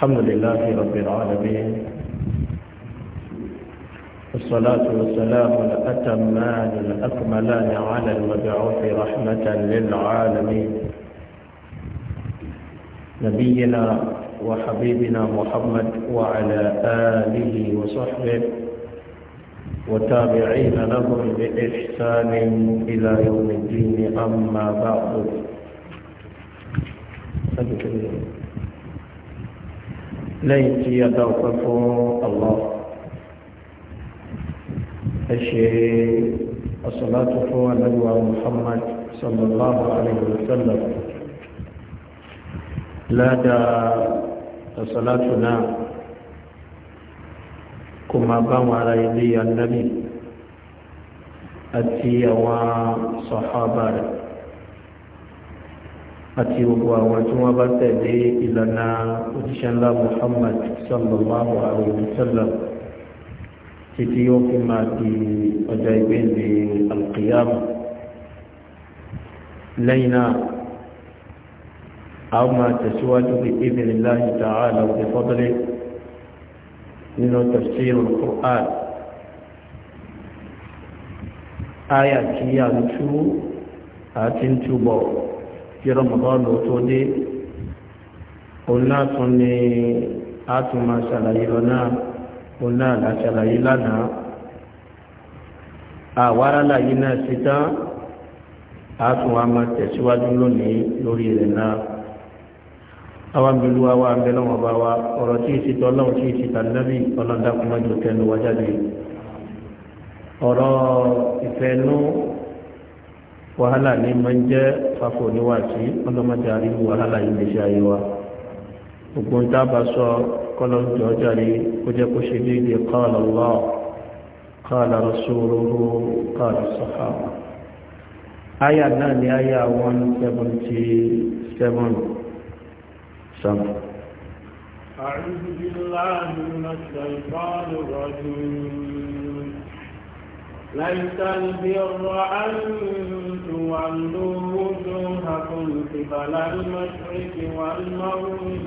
الحمد لله رب العالمين والصلاة والسلام الأتمان الأكملان على المبعوث رحمة للعالمين نبينا وحبيبنا محمد وعلى آله وصحبه وتابعين لهم بإحسان إلى يوم الدين أما بعد lẹ́yìn tí a dá ọpẹ́ fún Allah ẹ ṣe as-salatu fún anáwó Muhammad sallallahu alayhi wa sallam ládàá as náà kò máa bá wọn ara ilé anábì àti àwọn sàhábà rẹ̀ àti gbogbo àwọn tí wọ́n bá tẹ̀lé ìlànà òjíṣẹ́ ńlá Muhammad sallallahu alayhi wa sallam títí yóò fi máa di ọjọ́ ìgbéǹde alqiyama lẹ́yìn náà a máa tẹ̀síwájú bí idhnillahi ta'ala wa bi fadlihi nínú tafsirul Qur'an áyà tí a ń tú àti ń túbọ̀ kí rọmọdọ́nù tó dé òun náà tún ni a tún máa ṣàlàyé lọ náà òun náà là ṣàlàyé lánàá àwárá láyé náà sí tán a tún wá máa tẹ̀síwájú lónìí lórí rẹ̀ náà àwọn abẹ́lú wa wá abẹ́lẹ́ wọn bá wa ọ̀rọ̀ tí ì sí tọ́lọ́run tí ì sí tàbí ọlọ́dàkùnmájò tẹnu wájáde ọ̀rọ̀ wàhálà ní máa ń jẹ́ fafo níwájú ọlọ́mọdé àríwú wàhálà yìí lè ṣe ayé wa gbogbo ń dábàá sọ kọlọ́jọ́ jáde kó jẹ́ kó ṣe déédéé qala Allah qala rasuluhu qala sahaba. aya náà ni aya one seventy seven sam. أعوذ بالله من الشيطان الرجيم ليس البر أن وَلُّوا وُجُوهَكُمْ قِبَلَ المشرك وَالْمَغْرِبِ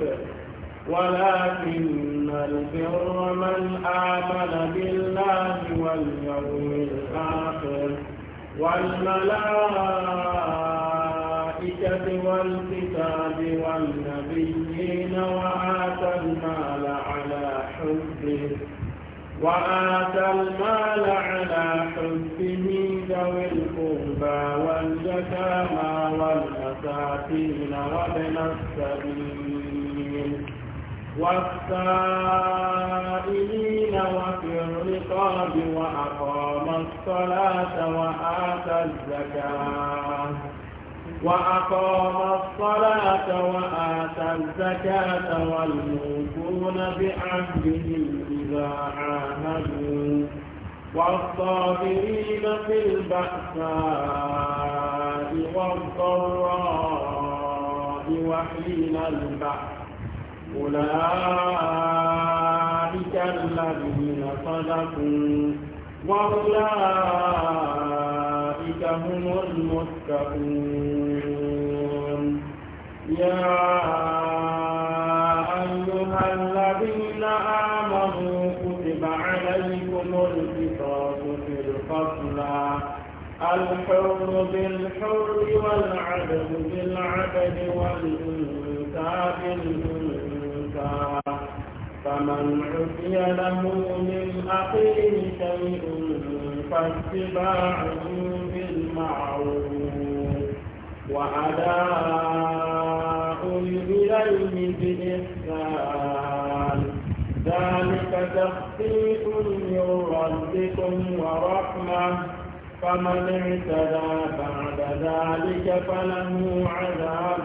ولكن البر من آمن بالله واليوم الآخر والملائكة والكتاب والنبيين وآتى المال على حبه وآتى المال على حبه ذوي القربى واليتامى والمساكين وابن السبيل والسائلين وفي الرقاب وأقام الصلاة وآتى الزكاة وأقام الصلاة وآتى الزكاة والموفون بعهدهم إذا عاهدوا والصابرين في البأساء والضراء وحين البأس أولئك الذين صدقوا وأولئك هم المتقون يا الحر بالحر والعبد بالعبد والأنثى بالأنثى فمن عفي له من أخيه شيء فاتباع بالمعروف وأداء إليه بإحسان ذلك تخفيف من ربكم ورحمه فمن اعتدى بعد ذلك فله عذاب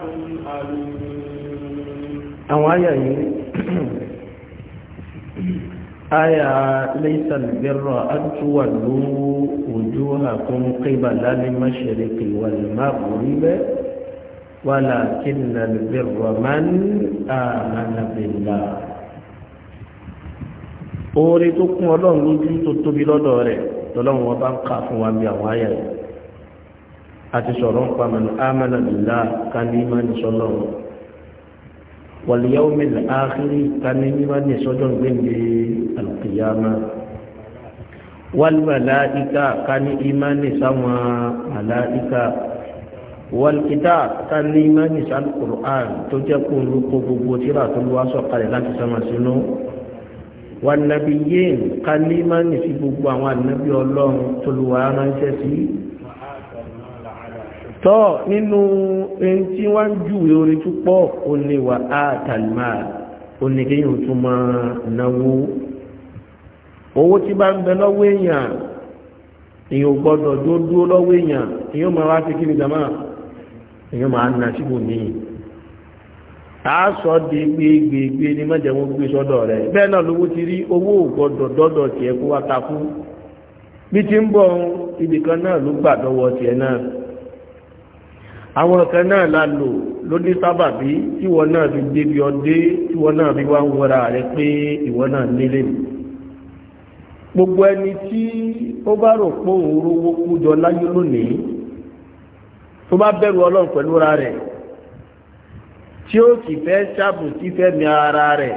أليم àwọn àyà yìí àyà ليس البر أن تولوا وجوهكم قبل المشرق والمغرب ولكن البر من آمن بالله oore tó kún ọlọ́run lójú tó tóbi lọ́dọ̀ rẹ̀ lọ́lọ́run wọn bá ń kà fún wa bí àwọn àyà yìí àti sọ̀rọ̀ ń pa mẹ́nu amana billah ká ní má ní sọ́lọ́run wal yawmil akhir ká ní má ní sọ́jọ́ gbẹ̀ngẹ̀ al-qiyamah wal ká ní má ní sáwọn malaika wọlkítà ká ní mẹ́rin sálùkùrù àrùn tó jẹ́ kó ń lókó gbogbo tíra tó lọ́wọ́ sọ̀kalẹ̀ láti sọ́mọ̀ sínú wà nàbí yéèm ká ní máa ń sí gbogbo àwọn ànábì ọlọ́run tó lù wá ránṣẹ́ sí tọ́ nínú ẹni tí wọ́n ń júwèé orin túpọ̀ ó ní wà á tàlímà ó ní kí yóò tún máa náwó owó tí bá ń bẹ lọ́wọ́ èèyàn èèyàn gbọ́dọ̀ dúró lọ́wọ́ èèyàn èèyàn máa wá sí kí ni jama èèyàn máa ń na síbò míì àásọ di gbégbégbé ní mọ́jẹ̀mú gbé sọ́dọ̀ rẹ̀ bẹ́ẹ̀ náà lówó ti rí owó ògbọ́dọ̀ dọ́dọ̀ tí ẹ kó wá takú bí ti ń bọ̀ ibìkan náà ló gbà dọ́wọ́ tiẹ̀ náà àwọn kan náà la lò ló ní sábàbí tí náà fi débi ọdé fi wá ń wọra rẹ pé ìwọ́ náà nílé gbogbo ẹni tí ó bá rò pé tí ó sì fẹ́ ṣàbùsí fẹ́mi ara rẹ̀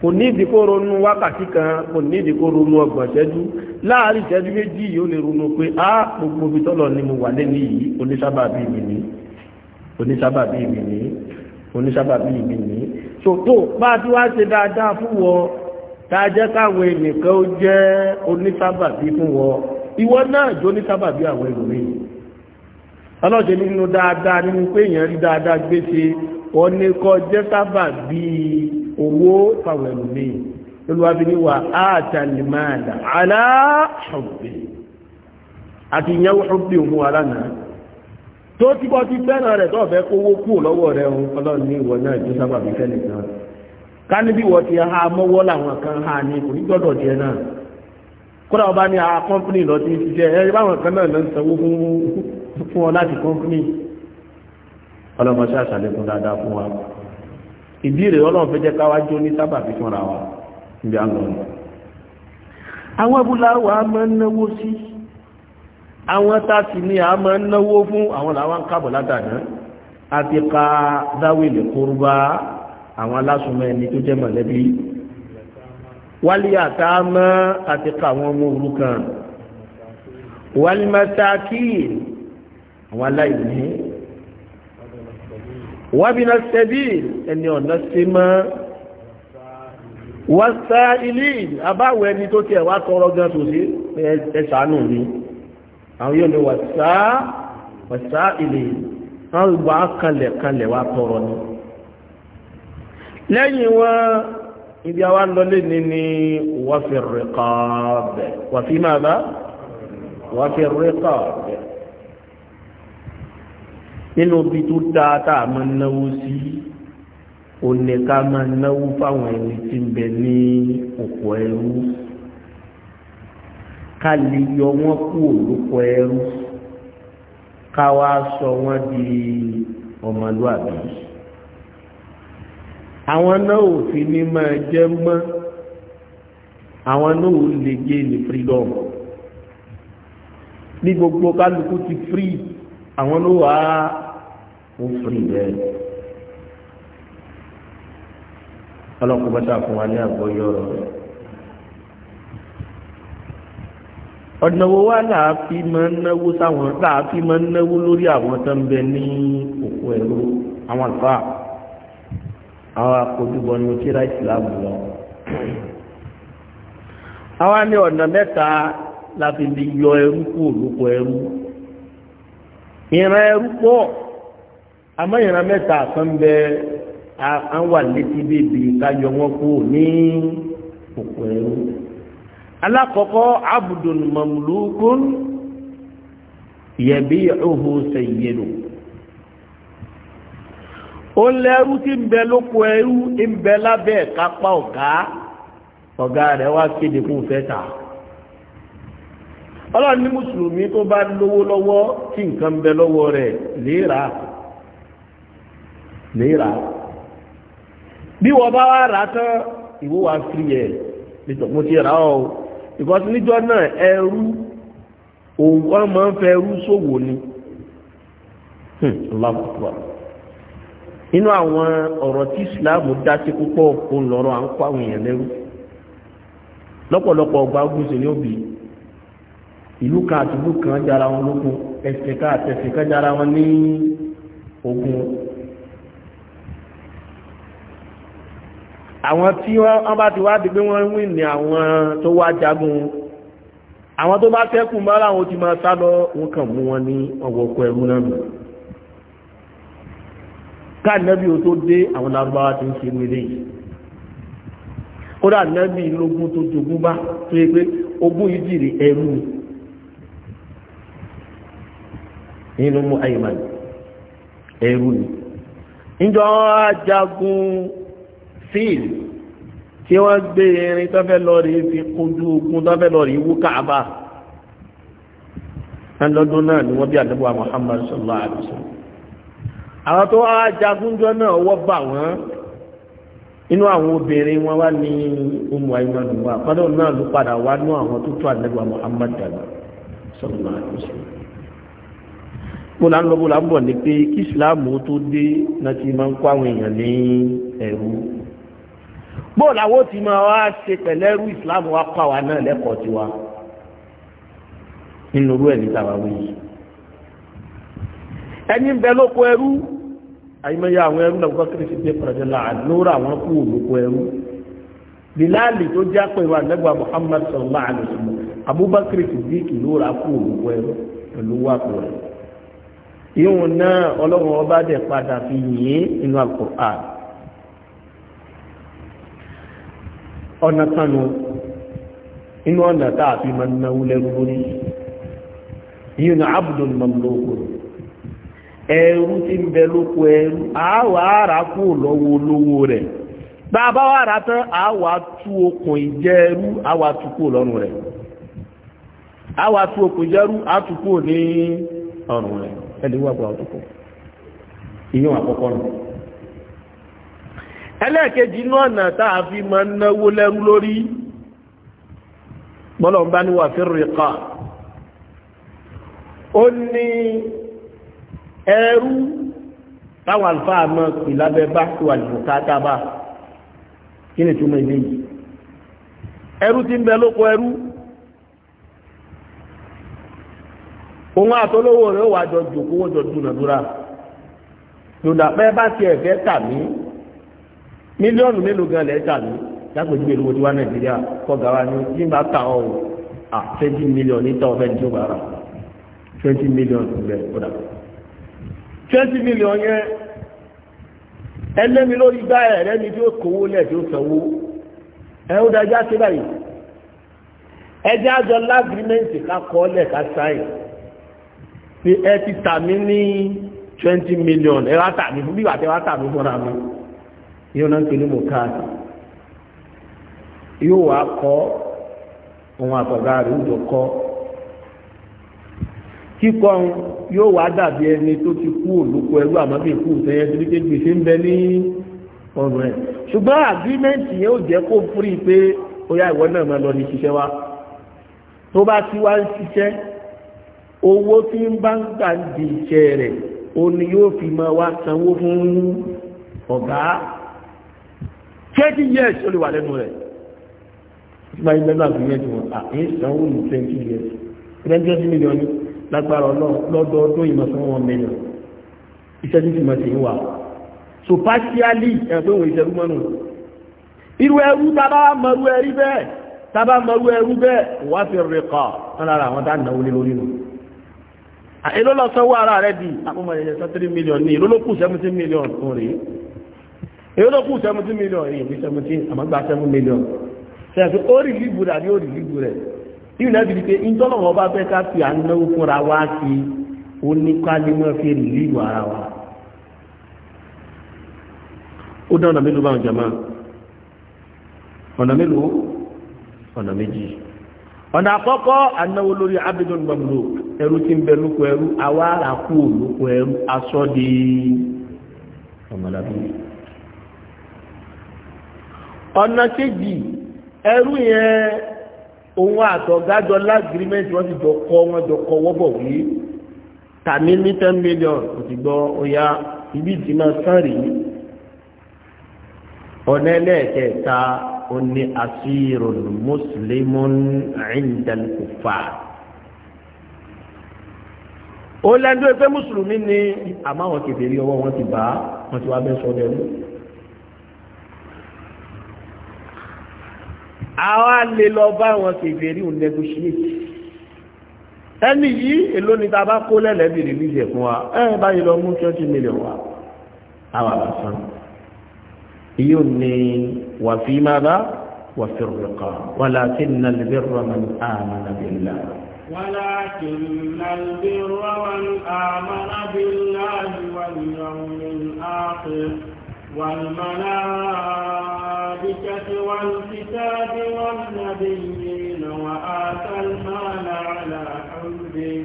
kò ní ìdíkó ronú wákàtí kan kò ní ìdíkó ronú ọgbọ̀n ìṣẹ́jú láàárín ìṣẹ́jú méjì yìí ó lè ronú pé á gbogbo ibi tọ́lọ̀ ni mo wà lẹ́nu yìí oníṣábàbí mi ní oníṣábàbí mi ní oníṣábàbí mi ní tòótò bá a ti wá ṣe dáadáa fún wọ tá a jẹ́ káwọn ènìkan ó jẹ́ oníṣábàbí fún wọ ìwọ náà jó oníṣábàbí àwọn ẹlòmíràn ọlọ́jẹ́ nínú dáadáa nínú pé èèyàn rí dáadáa gbé ṣe ọ̀nẹ́ kọ́ jẹ́ sábà bí owó fàwọn ẹlòmíì lóluwàbí ní wà áàtàlìmáàdà aláṣọ̀bẹ̀ àti ìyẹ́wò ṣọ́bẹ̀ òun alánà tó ti bọ́ ti fẹ́ràn rẹ̀ tó fẹ́ kówó kú lọ́wọ́ rẹ̀ ohun ọlọ́run ní ìwọ náà tó sábà bí fẹ́lẹ̀ ká níbi ìwọ ti ha mọ́wọ́ làwọn kan ha ní kò ní gbọ́dọ̀ jẹ náà kódà ọba ní a kọ́mpínì lọ ti ṣiṣẹ́ ẹ̀rí báwọn kan náà lọ ń sanwó fún ọ láti kọ́mpínì ọlọ́mọṣẹ́ àṣàlẹ́kùn dáadáa fún wa ìdí rẹ̀ ọlọ́run fẹ́ jẹ́ káwá jó ní sábà fi fúnra wa níbi àlọ́ àwọn abúláwà a máa ń náwó sí àwọn tàbí ní a máa ń náwó fún àwọn làwọn kábọ̀ látàdá àti ká dáwìlì kórúbá àwọn alásùnmọ́ ẹni tó jẹ́ mọ̀lẹ́bí wálé àtàmọ́ àti kàwọn ọmọ òrukàn wálé mẹ́tàkì àwọn aláìní wábìnà sẹ́bí ẹni ọ̀nà sí mọ́ wọ́sá ilé àbáwọ̀ ẹni tó tiẹ̀ wá tọrọ gan tó sí ẹ̀ṣánù ni àwọn yóò ní wọ́sá wọ́sá ilé wọ́n gbà kanlẹ̀ kanlẹ̀ wá tọrọ ni lẹ́yìn wọn ibi àwa ń lọlé ní ní wàfi rìkọ́ọ̀bẹ̀ wàfi máa bá wàfi rìkọ́ọ̀bẹ̀ nínú ibi tó dáa tá a máa náwó sí ó ní ká máa fáwọn ẹni tí bẹ ní òkú ẹrú ká lè yọ wọn kú òlùkọ ẹrú ká wá sọ wọn di ọmọlúwàbí àwọn náà ò fi ní máa jẹ́ mọ́ àwọn náà ò lè gé ní freedom ní gbogbo kálukú ti free àwọn ló wà á ó free bẹ́ẹ̀ ọlọ́kùnrin bá ṣàfún wa ní àgbọ́yé ọ̀rọ̀ rẹ̀. ọ̀nà wo máa ń náwó sáwọn láàfin máa ń náwó lórí àwọn tó ń bẹ ní òkú ẹ̀rọ àwọn àlùfáà. àwọn akójúbọ ní tíra ìsìlámù lọ awa n'i ọ̀nà mẹ́ta la lè yọ ẹrú kú òlùkọ ẹrú ìran ẹrú pọ̀ àmọ́ ìran mẹ́ta kan bẹ àwọn wà létí bèbè kájọ wọn kú ní òkú ẹrú alákọ̀ọ́kọ́ abudul mamlukun yẹ̀bí ọ̀hún ó lẹ́rú tí ń bẹ lóko ẹrú ń bẹ lábẹ́ ìkápá ọ̀gá ọ̀gá rẹ̀ wá kéde fún fẹ́ tà ọlọ́run ní mùsùlùmí tó bá lówó lọ́wọ́ tí nǹkan ń bẹ lọ́wọ́ rẹ̀ léèrà léèrà bí wọ́n bá wá rà tán ìwó wa fi yẹ nítorí mo ti rà ọ́ ìkọ́sí níjọ́ náà ẹrú òun wọ́n máa ń fẹ́ ẹrú ṣòwò ni. Hmm, Allah akbar inú àwọn ọ̀rọ̀ tí islam dá sí púpọ̀ kó lọ́rọ̀ à ń kó àwọn èèyàn lẹ́rú lọ́pọ̀lọpọ̀ ọgbà ogúnṣe ní òbí ìlú kan àti ìlú kan jára wọn lókun ẹsẹ̀ ká àtẹ̀sẹ̀ kan jára wọn ní ogun àwọn tí wọ́n bá ti wá di pé wọ́n wí ní àwọn tó wá jagun àwọn tó bá fẹ́kùn bá láwọn ti máa sá lọ wọn kàn mú wọn ní ọwọ́ ọkọ̀ ẹrú náà káànẹ́bí o tó dé àwọn lárúbáwá ti ń ṣe wéré yìí kódà nẹ́bí lógún tó jogún bá tó yẹ pé ogún yìí jìrì ẹrú nínú mú ayémánì ẹrú ni níjọ ajagun fíìlì tí wọ́n gbé irin tó fẹ́ lọ fi kojú ogun tó fẹ́ lọ wú káàbà lọ́dún náà ni wọ́n bí àdébọ̀ Muhammad sallallahu alaihi àwọn tó wá jagunjọ náà ọwọ́ bà wọ́n inú àwọn obìnrin wọn wá ní Ummu Ayman wa àpádà náà ló padà wá ní àwọn tó tó àdẹ́gbà Muhammad dàgbà sọ́dún àkóso mo là ń lọ bó la ń bọ̀ ni pé kí ìsìláàmù tó dé náà ti máa ń kó àwọn èèyàn ní ẹ̀rú bó làwọn ti máa wá ṣe pẹ̀lẹ́rú ìsìláàmù wa kọ́ àwa náà lẹ́kọ̀ọ́ tiwa nínú irú ẹ̀ níta wa wí ẹni ń bẹ lóko ẹrú àyímẹ́yà àwọn ẹrú náà bọ́kìrì ti dé pẹ̀lú àlóra àwọn kú òlòkọ ẹrú bilali tó jẹ́ àpẹẹrẹ anagba muhammad sallallahu alayhi wa sallam abubakar siddiq lóra kú òwò ẹrú pẹ̀lú wàkú rẹ̀ ìhun náà ọlọ́run ọba dẹ̀ padà fi yìn inú alukur'an ọ̀nà kanu inú ọ̀nà tá a fi máa náwó lẹ́rú lórí yìí ní abdul mamlokun ẹrú tí ń bẹ lóko ẹrú àáwà ara kú lọ́wọ́ olówó rẹ̀ bàbá wà rà tán àáwà tú okùn ìjẹ́ ẹrú àáwà tú kú lọ́rùn rẹ̀ àáwà tú okùn ìjẹ́ àtúkù ní ọ̀rùn rẹ̀ ẹni àkọ́kọ́ nù. ẹlẹ́ẹ̀kejì inú ọ̀nà tá a fi máa náwó lẹ́rú lórí bọ́lọ̀ ń bá ní wà fẹ́rẹ̀ ó ní ẹrú táwọn àlùfáà mọ̀ pè lábẹ́ bá tó àlùfò tátábà kí ni túmọ̀ ilé yìí ẹrú ti ń bẹ lóko ẹrú òun àtolówó rẹ̀ wà jọ jòkó wọ́n jọ dúnàdúrà yòdà pẹ́ bá tiẹ̀ fẹ́ tà mí mílíọ̀nù mélòó gan lẹ́ẹ̀ tà mí lápèjúwe lówó tí wá nàìjíríà kọ́gà wa ní nígbà tà ọ́ à ah, twenty million ní tọ́ fẹ́ẹ́ ní tó bára twenty million bẹ́ẹ̀ kódà twenty million yẹn ẹlẹ́mi lórí gbá ẹ̀rẹ́ mi tí ó kówó lẹ̀ tí ó sanwó ẹ̀ ó dájá sí báyìí ẹjẹ́ àjọ lágrímẹ́ǹtì ká kọ́ lẹ̀ ká sáyìn pé ẹ ti tà mí ní twenty million ẹ wá tà mí fún bí wà tẹ wá tà mí fúnra mi yóò náà ń pè ní mọ̀káàdì yóò wá kọ́ òun àtọ̀gá rẹ̀ ń jọ kọ́ kíkọ́ yóò wá dàbí ẹni tó ti kú òlùkọ ẹrú àmọ́ bí kú sẹ́yẹ torí pé gbèsè ń bẹ ní ọ̀rùn ẹ̀ ṣùgbọ́n àgírímẹ́ǹtì yẹn ò jẹ́ kó fúri pé ó yá ìwọ náà máa lọ ní ṣiṣẹ́ wa tó bá ti wá ń ṣiṣẹ́ owó tí ń bá ń gbà ń di iṣẹ́ rẹ̀ ó ní yóò fi máa wá sanwó fún ọ̀gá twenty years ó lè wà lẹ́nu rẹ̀ tí máa ń gbẹ́nu àgbẹ̀yẹ̀ à ń sanwó ní twenty years twenty million lágbára lọ́dọọdún ìmọ̀sán wọn mẹ́nà iṣẹ́ ní ìmọ̀ sí wà so partially ẹgbẹ́ òun ìṣẹ́rú mọ́nù irú ẹrú tàbá mọ̀rú ẹrí bẹ́ẹ̀ tàbá mọ̀rú ẹrú bẹ́ẹ̀ wà fi rẹ̀ kọ́ lára àwọn tá náwó lé lórí nù èló lọ sanwó ara rẹ̀ di àpọ̀mọ̀ ẹ̀yẹ sọ three million ní èló ló kù seventeen million fún rèé èló ló kù seventeen million èyí seventeen àmọ́gbà seven million sẹ́yìn pé ó rí líbu rẹ̀ àbí ó rí líbu rẹ̀ tíì náà bìí pé ìjọba bá fẹ́ ká fi ànáwó fúnra wá sí fi ara wa ó dá ọ̀nà mélòó báwọn jàmá ọ̀nà mélòó ọ̀nà méjì ọ̀nà àkọ́kọ́ ànáwó lórí abidjan gbàmùlò ẹrú tí ń bẹ kú di ọ̀nà yẹn. òun àtọ̀gájọ lágírímẹ́ntì wọ́n ti jọ kọ́ wọ́n jọ kọ́ wọ́bọ̀ wí tàmí ní ten million kò sì gbọ́ ọ̀yà ibi ìdìmọ̀ sàn rí ọ̀nà ẹlẹ́ẹ̀kẹta oní asírò mùsùlùmún ìndàlùkùfà ó lẹ́nu pé mùsùlùmí ni àmọ́ àwọn kèfèrí ọwọ́ wọn ti bá wọn ti wá bẹ́ sọ bẹ́ẹ̀ àwa lè lọ bá wọn kèfèrí òun negotiate ẹni yìí èló ni ta bá kó lẹ́lẹ́bì rìlíìsì ẹ̀kún wa ẹ báyìí lọ mú twenty million wa àwa lásán yóò ní wàfí máa bá وفي الرقاب ولكن البر والملائكة والكتاب والنبيين وآتى المال على حبه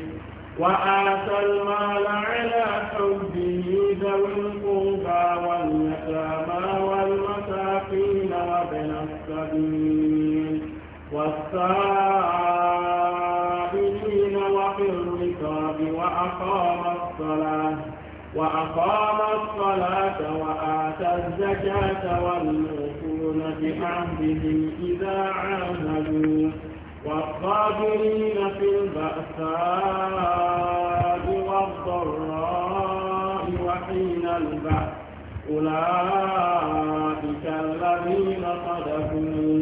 وآتى المال على حبه ذوي القربى واليتامى والمساكين وابن السبيل والسائلين وفي الرقاب وأقام الصلاة وأقام الصلاة وآتى الزكاة والموفون بعهدهم إذا عاهدوا والصابرين في البأساء والضراء وحين البأس أولئك الذين صدقوا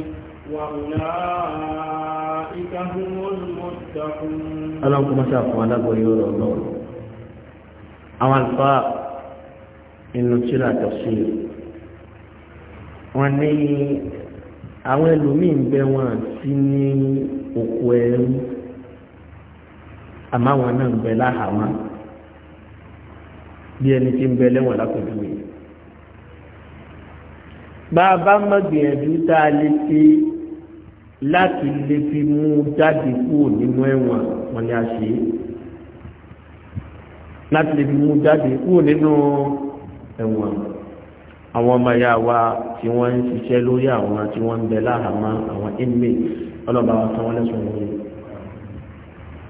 وأولئك هم المتقون. على محمد شاء الله يرى الله àwọn àlùfáà inú tíra tọ̀sí wọn ní àwọn ẹlòmíì ń bẹ wọn sí ní òkú ẹrú àmọ́ àwọn náà ń bẹ láhàámọ́ bí ẹni tí ń bẹ lẹ́wọ̀n lápẹ̀jùwe bá a bá tá a lè ṣe láti lè fi mú jáde kúrò nínú ẹ̀wọ̀n wọn ni a ṣe é láti lè fi mú jáde kúrò nínú ẹ̀wọ̀n àwọn ọmọ ìyá wa tí wọ́n ń ṣiṣẹ́ lórí àwọn tí wọ́n ń bẹ láhàámọ́ àwọn inmate ọlọ́ba wa sanwó lẹ́sùn lórí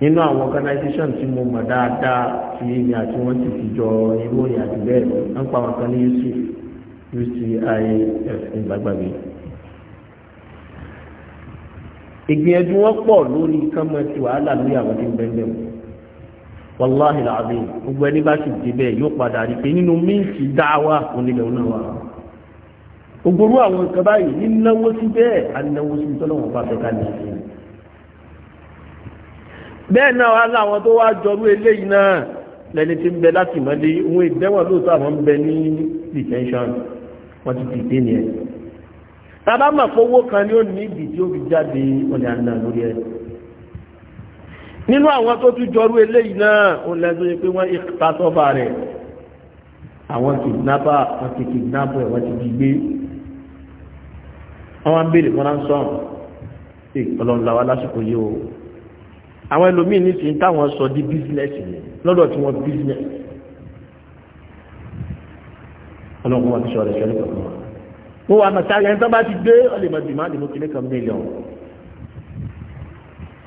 nínú àwọn organization tí mo mọ̀ dáadáa tí èmi àti wọ́n ti fi jọ irú òyìn àti bẹ́ẹ̀ ń pa wọn kan ní yusuf UCIF ìgbàgbàgbé ìgbìyànjú wọn pọ̀ lórí kánmọ́ ti wàhálà lórí àwọn tí ń bẹ́ẹ̀ bẹ́ẹ̀ wàláhì làbí gbogbo ẹni bá sì débẹ̀ yóò padà rí pé nínú míǹtì dáwà onílẹ̀ onáwà ògbòrú àwọn nǹkan báyìí nínáwó sí bẹ́ẹ̀ anáwó sí tọ́lọ́wọ́n bá fẹ́ ká ní ìsìn bẹ́ẹ̀ náà wá láwọn tó wá jọrú eléyìí náà lẹni tí ń bẹ láti mọ́lé ohun ìdẹ́wọ̀n lóòótọ́ àwọn ń bẹ ní detention wọ́n ti dìde nìyẹn tàbá mọ̀ pé kan ni ó ní ìdí tí ó fi jáde ọ̀nà àná lórí ẹ̀ nínú àwọn tó tún jọrú eléyìí náà ó lẹ́nu yẹ pé wọ́n ìpàtọ́fà rẹ̀ àwọn kìdínápà wọn ti kìdínápà wọn ti di gbé wọn béèrè fún ránṣọ́n pé ọlọ́nla wa lásìkò yìí o àwọn ẹlòmíín ní sìn táwọn sọ di bísínẹ́sì ni lọ́dọ̀ tí wọ́n bísínẹ́sì ọlọ́kùnrin wọn ti sọ rẹ̀ sọ́dọ̀ kọ̀ọ̀kan wọn wà mọ̀ sáré ẹni tó bá ti dé ọlẹ́mọ̀dìmọ́ àdìmọ́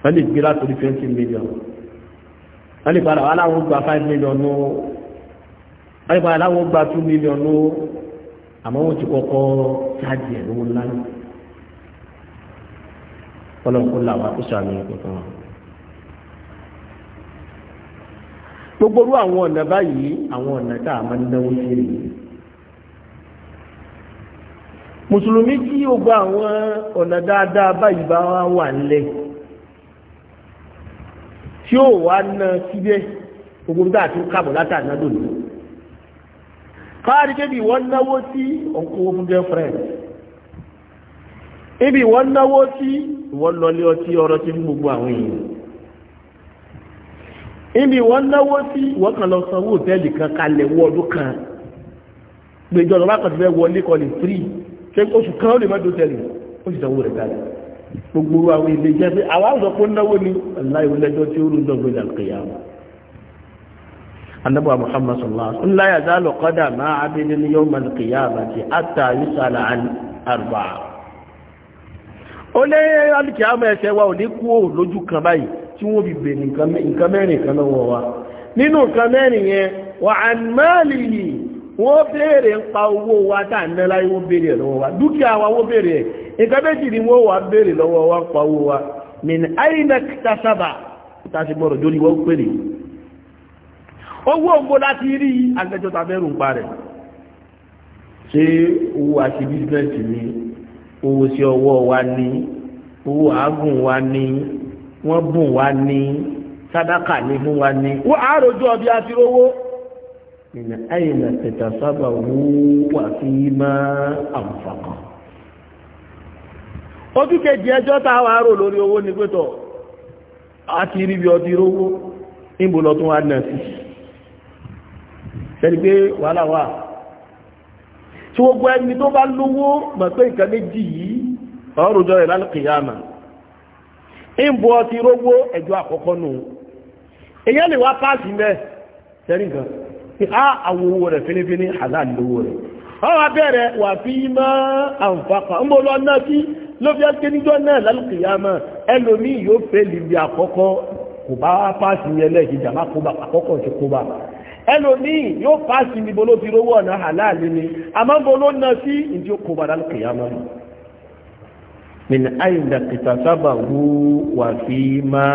wọ́n lè gbé látòrí twenty million wọ́n lè padà wà láwọn gba five million ní wọ́n lè padà láwọn gba two million ní àmọ́ wọ́n ti kọ́kọ́ ṣáàjì ẹ̀ lówó ńlá yìí kọ́lọ́kọ́ làwọn akóso àmì ìkọ̀kan wọn. gbogbo orú àwọn ọ̀nà báyìí àwọn ọ̀nà tá a máa ń náwó sí rèé mùsùlùmí tí ó gba àwọn ọ̀nà dáadáa báyìí bá wà ń lẹ́yìn tí ó wá ná síbẹ̀ gbogbo nígbà tí ó kàbọ̀ látàná lónìí káàdì kébi wọ́n náwó sí ọkọ̀ ogun girlfriend ibi wọ́n náwó sí wọ́n lọlé ọtí ọrọ̀ tí gbogbo àwọn èèyàn ibi wọ́n náwó sí wọ́n kàn lọ sanwó òtẹ́ẹ̀lì kan kalẹ̀ wọ ọdún kan gbèjọ́ lọ́wọ́ kan ti fẹ́ wọlé kọlì free ṣé oṣù kan ó lè mọ́tò tẹ̀lé ó sì sanwó rẹ̀ kalẹ̀ gbogbo àwọn ilé jẹ́ pé àwọn àwọn ọ̀pọ̀ náwó ni aláìwò lẹ́jọ́ tí ó rú dọ́gbé lálùkìyà wọn annabuwa muhammad sallallahu alaihi wasallam la ya zalo qada ma abidin yawm al-qiyamati hatta yusala an arba'a ó lé alùkìyàmọ̀ ẹ̀ṣẹ̀ wa ò ní kú lójú kan báyìí tí wọ́n fi bèèrè nǹkan mẹ́rin kan lọ́wọ́ wa nínú nǹkan mẹ́rin yẹn wà á máàlì yìí wọ́n béèrè ń pa owó wa tá à ń ná wọ́n béèrè lọ́wọ́ wa dúkìá wa wọ́n béèrè nǹkan méjì ni wọ́n wà béèrè lọ́wọ́ wa pa owó wa min aina tasaba ta ṣe gbọ́dọ̀ jórí wọ́n pèrè owó ògbó láti rí agbẹjọ́ tàbẹ́rù ń parẹ̀ ṣé owó àti bísínẹ́sì ni owó sí ọwọ́ wa ni owó àágùn wa ni wọ́n bùn wa ni sadaka ni fún wa ni wọ́n àròjọ́ ọbí àti owó min aina tasaba owó wà fi máa àǹfààní ojú ẹjọ́ tá rò lórí owó ní pẹ́tọ̀ àti ríbi ọdí rówó ìbùlọ tó wà náà sí ṣẹ́ni pé wàhálà wà tí gbogbo ẹni tó bá lówó mọ̀ pé méjì yìí ọrùjọ rẹ̀ lálùkìyàmà ìbù ọtí rówó ẹjọ́ àkọ́kọ́ ló fi ẹ́ níjọ́ náà lálùkìyàmá ẹlòmíì yóò fẹ́ lìbí àkọ́kọ́ kò bá pàṣì yẹn lẹ́ẹ̀kì jàmá kó bá àkọ́kọ́ ti kó bá ẹlòmíì yóò pàṣì níbo ló ti rówó ọ̀nà àláàlì ni àmọ́ bó ló ná sí ìdí ó kó bá lálùkìyàmá min aina kitasabahu wa fi ma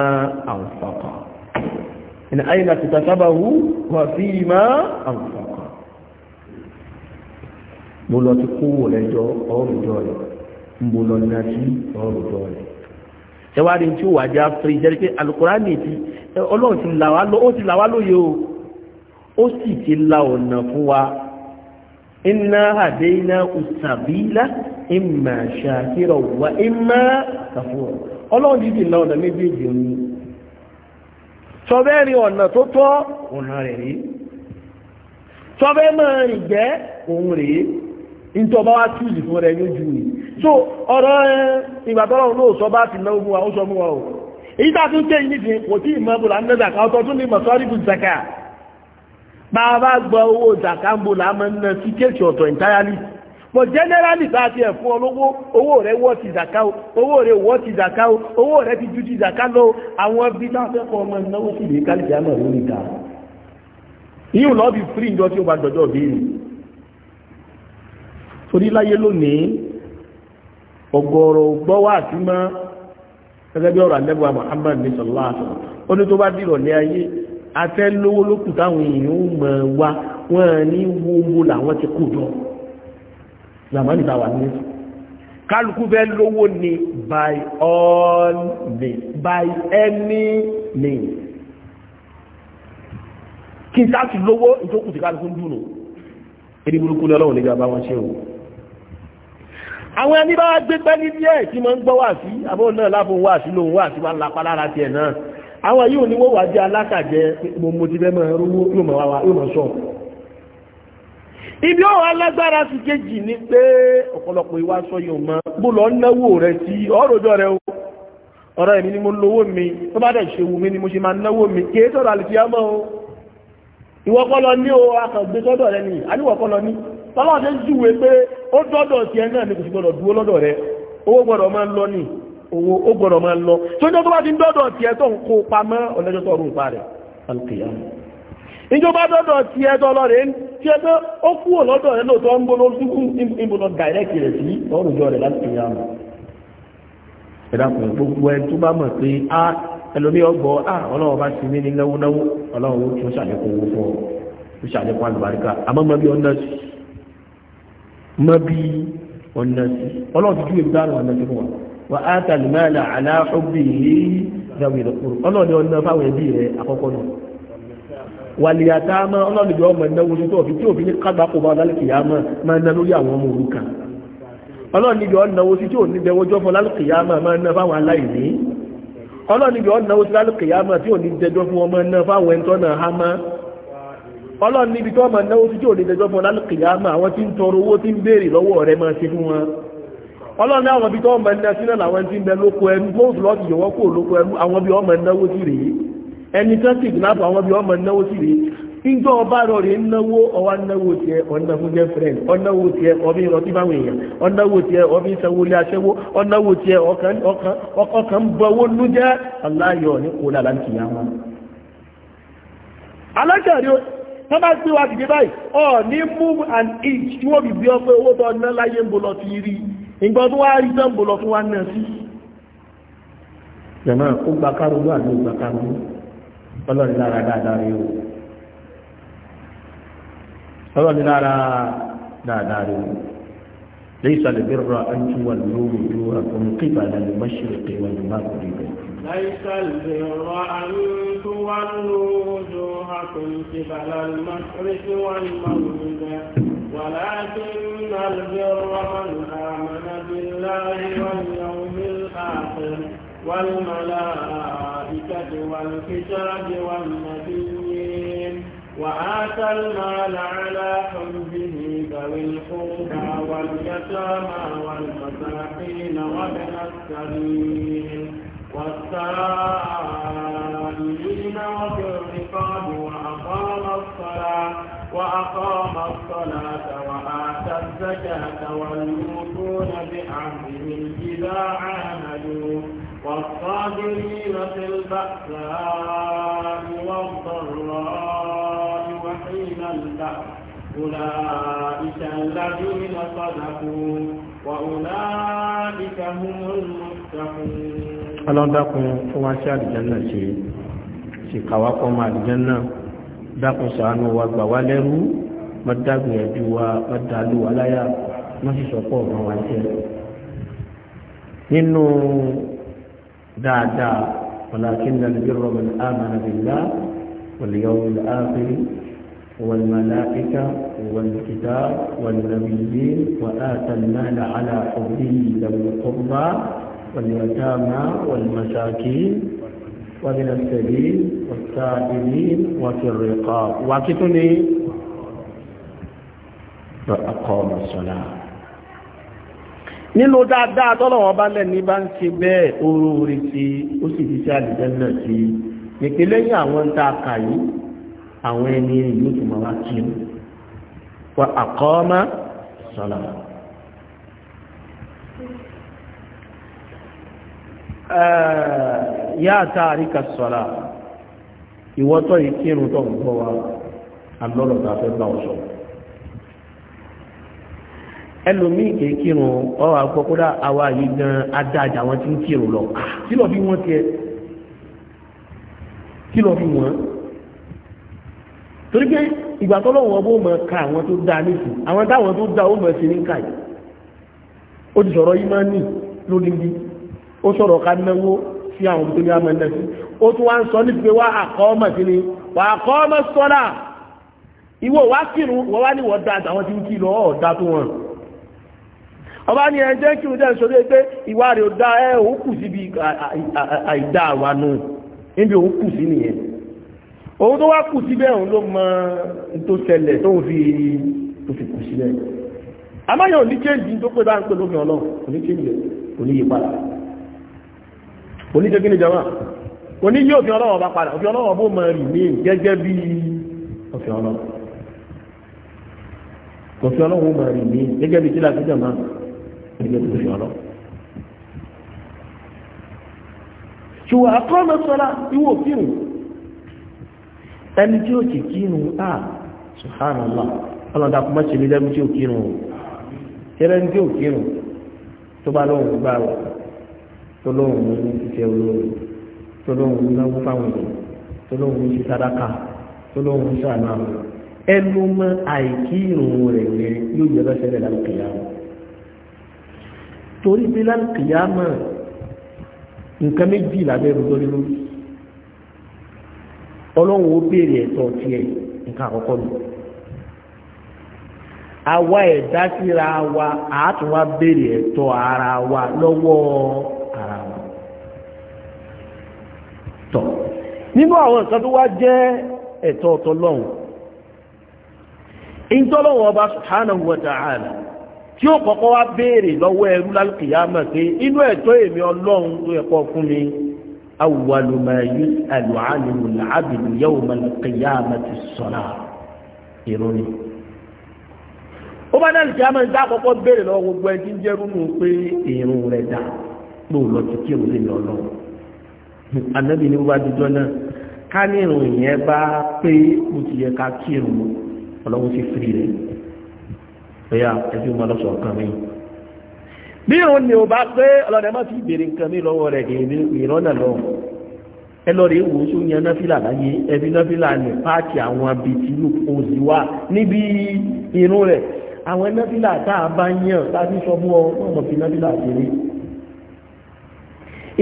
anfaqa min aina kitasabahu wa fi ma anfaqa mo lọ ti kówó lẹ́jọ́ ọ̀rùjọ́ mo lọ ní àti ọ̀rọ̀ tọ́ rẹ̀ ẹwàrí tí ó wà já fẹ́ ìjẹ́rí pé alukurani ti ọlọ́run ti là wá ló ó ti là wá lóye o ó sì ti la ọ̀nà fún wa inna hadaina usabila imma shakira wa imma kafura ọlọ́run ti di la ọ̀nà méjèèjì òní sọfẹ́ rí ọ̀nà tó tọ́ ọ̀nà rẹ̀ rí sọfẹ́ máa rìn jẹ́ òun rèé ìntọ́ bá wá tíìlì fún rẹ̀ yóò jù ní so ọ̀rọ̀ ìgbàtọ́rọ̀ náà sọ bá ti náà múwa ó sọ múwa o èyí tàà tún tẹ́ ìníṣe kò tí ìmọ̀bùlà nẹ́dà káwọ́tọ́ tún ní mọ̀sọ́rìbù zaka bá a bá gba owó zaka ń bùlà mọ́ ná sí kéèkì entirely but generally bá a ti ẹ̀ fún olówó owó rẹ̀ wọ́ ti zaka o owó rẹ̀ wọ́ ti zaka o owó rẹ̀ ti ju ti zaka lọ àwọn bí láfẹ́kọ̀ọ́ ọmọ free torí láyé lónìí ọ̀gọ̀rọ̀ gbọ́wọ́ àti mọ́ gẹ́gẹ́ bí ọ̀rọ̀ àlẹ́bùwà Muhammad ní sọ̀lá àtọ̀ ó ní tó bá dìrọ̀ ní ayé afẹ́ lówó lókù táwọn èèyàn ń mọ̀ wá wọ́n ní wọ́wọ́ làwọn ti kù jọ làmánì bá wà nílé kálukú fẹ́ lówó ni by all means by any means kí n sáà ti lówó ìtókù ti kálukú ń dùn nù èdè burúkú lọ́wọ́ nígbà bá wọn ṣe òun àwọn ẹni bá gbé pẹ́lí díẹ̀ tí mo ń gbọ́ wà sí àbọ̀ náà láfún wà sí lòun wà sí wà lápá lára tiẹ̀ náà àwọn yóò ní wọ́n wà jẹ́ alákàjẹ́ mo ti fẹ́ mọ́ rówó yóò mọ̀ wá yóò mọ̀ sọ. ibi ó wà lágbára sí kejì ni o ọ̀rọ̀ èmi ni mo lówó mi tó bá dẹ̀ ṣe wù mí ni mo ní o akàgbé sọ́dọ̀ rẹ ni àníwọ̀kọ́ lọ ní tọ́lọ́wọ́ ṣe ń júwe pé ó dọ́dọ̀ sí ẹ náà ní kò sí gbọ́dọ̀ dúró lọ́dọ̀ rẹ owó gbọ́dọ̀ máa ń lọ ní owó ó gbọ́dọ̀ máa ń lọ tó jọ́ tó bá ti ń dọ́dọ̀ sí ẹ tó ń kó pamọ́ ọ̀lẹ́jọ́ tó rùn pa rẹ̀ alkiyama ìjọba dọ́dọ̀ sí ẹ tọ́lọ́ rẹ̀ tí ẹ pé ó kúrò lọ́dọ̀ rẹ̀ lóòótọ́ ń gbóná síkú ìbùnà direct rẹ̀ sí ọrùjọ rẹ̀ alkiyama ìdákùnrin gbogbo ẹ tó bá mọ̀ pé á ah, ẹlòmí ọgbọ́ á ah, ọlọ́wọ́ bá ti mí ní náwó náwó ọlọ́wọ́ mabi bí ọ̀nà sí ọlọ́run ti júwe fún wa wà á tàlí máa là aláhùbì yìí dàwí ẹbí rẹ àkọ́kọ́ náà wàlìyàtà máa ọlọ́run ìjọ ọmọ ẹ̀dáwó sí tó òfin tí òfin ní kágbákò bá lálẹ́ kìyà máa máa ná lórí àwọn ọlọ́run níbi tí wọ́n máa náwó tí tí ò lè dẹjọ́ fún lálùkìyàmà àwọn tí ń tọrọ owó tí ń béèrè lọ́wọ́ rẹ̀ máa ṣe fún wọn ọlọ́run ní àwọn ibi tí sínú àwọn tí ń bẹ lóko gbóòsù lọ́ọ̀tì kò lóko àwọn bí náwó rèé ẹni tán sì gbìnàpọ̀ àwọn bí wọ́n náwó rèé ìjọ ọba rọ náwó náwó tán bá gbé wa dìde báyìí ọ̀ ní move and inch tí wọ́n bìbí ọ pé owó tọ́ ná láyé ń bò lọ ti rí nǹkan tó wá rí tán bò lọ fún wa náà sí jẹ̀mọ́ ó gba kárùn-ún àti ó gba kárùn-ún ọlọ́rin lára dáadáa rí o ọlọ́rin lára dáadáa rí o ليس البر أن تولوا وجوهكم قبل المشرق والمغرب ليس البر أن تولوا وجوهكم قبل المشرق والمغرب ولكن البر من آمن بالله واليوم الآخر والملائكة والكتاب والنبيين وآتى المال على حبه ذوي القربى واليتامى والمساكين وابن السبيل والسائلين وفي الرقاب وأقام الصلاة وأقام الصلاة وآتى الزكاة والموتون بعهدهم إذا عاهدوا والصابرين في البأساء والضراء وحين البأس أولئك الذين صدقوا وأولئك هم المتقون ọlọ́dàkùn fún wá sí àlùjánnà ṣe ṣe kàwákọ́ máa àlùjánnà dákùn ṣàánú wa gbà wá lẹ́rú mọ́dàgùn ẹ̀bí wa mọ́dàlú wa láyà má sọ́pọ̀ ọ̀gbọ́n wa jẹ́ nínú dáadáa ولكن البر من آمن بالله واليوم الآخر والملائكة والكتاب والنبيين وآتى المال على حبه ذوي القربى واليتامى والمساكين ومن السبيل والسائلين وفي الرقاب وقتني فأقام الصلاة nínú dáadáa tọ́lọ̀wọ́n bá lẹ́ni bá ń ṣe bẹ́ẹ̀ oró orí tí ó sì fi sí àdìjẹ́nà sí nìpé lẹ́yìn àwọn ń ta àkàyí àwọn ẹni yóò tún máa wá kí wọ́n àkọ́ ọmọ Eh, yá tàríkà sọ́lá ìwọ́tọ̀ ìkírun tó ń gbọ́ wa alọ́rọ̀ ta fẹ́ bá ọ̀ṣọ́ ẹlòmíì kìí kírun ọwọ́ àkọ́kọ́dá àwa yìí gan adájà wọn ti ń kírun lọ ah, kí ló fi wọ́n tiẹ̀ kí ló fi wọ́n torí pé ìgbà tó lọ́wọ́ bó mọ̀ ká àwọn tó dáa nísìn àwọn táwọn tó dáa ó mọ̀ sí ní káyì ó ti sọ̀rọ̀ yìí máa ń nì lódìdí ó sọ̀rọ̀ ká náwó sí àwọn tó ní àmọ́ ẹ̀lẹ́sì ó tún wá ń sọ nípa wá sí ni wà àkọ́ọ́mọ̀ sọ́là ìwọ wá kírun wọ́n wá ní wọ́n da ń kí lọ ọ̀dá tó wọn ọba ní ẹjẹ́ kírun jẹ́ ìṣòro pé ìwà rẹ̀ ò dá ẹ òun kù síbi àìdá nù níbi òun kù sí nìyẹn òun tó wá kù síbẹ̀ òun ló mọ tó ṣẹlẹ̀ tó fi tó fi kù síbẹ̀ amáyọ̀ tó pé bá ń pè lómi oníṣẹ́ kí ni jọmọ́ oní yóò fi ọlọ́wọ́ bá padà òfin ọlọ́wọ́ bó mọ rì ní gẹ́gẹ́ bí òfin ọlọ́wọ́ òfin ọlọ́wọ́ mọ rì ní gẹ́gẹ́ bí kíláàsì ṣùgbọ́n ẹni tí ó ti kírun ọlọ́dà tí ó kírun o tí ó kírun tolóhùn ní ìfẹ́ olóore tolóhùn ní náwó fáwọn èèyàn tolóhùn ní sàdákà tolóhùn ní sàánú àwọn ẹnu mọ àìkí ìrùn rẹ̀ rẹ̀ yóò yẹ lọ́sẹ̀ rẹ̀ lálùkìyàmọ̀ torí pé lálùkìyàmọ̀ nǹkan méjì lábẹ́ ìrù lórí lórí ọlọ́run ó béèrè ẹ̀tọ́ tiẹ̀ nǹkan àkọ́kọ́ nù àwa ẹ̀dá síra wa àátúwá béèrè ẹ̀tọ́ ara wa lọ́wọ́ tọ̀ nínú àwọn nǹkan tó wá jẹ́ ẹ̀tọ́ ọ̀tọ̀lọ́hun ìtọ́lọ́wọ́ ọba subhanahu wa ta'ala tí ó kọ́kọ́ wá béèrè lọ́wọ́ ẹrú lálùkìyàmọ̀ pé inú ẹ̀tọ́ èmi ọlọ́run tó yẹ kọ́ fún mi awwalu ma yus'alu 'anhu al-'abdu yawma al-qiyamati as-salah ìròyìn ó bá dáàlì kìyàmọ̀ ànábì ní wá dijọ́ náà ká ní ìrùn yẹn bá pé mo ti yẹ ká kí ìrùn ọlọ́run sì firi rẹ̀ ẹ̀yà ẹ̀fí mo lọ́sọ̀ọ́ kan mi bí òun ni ò bá pé ọlọ́dẹ má ti béèrè nǹkan mi lọ́wọ́ rẹ̀ kì í rọ́nà lọ́wọ́ a bá yàn láti sọ fún ọ wọn mọ̀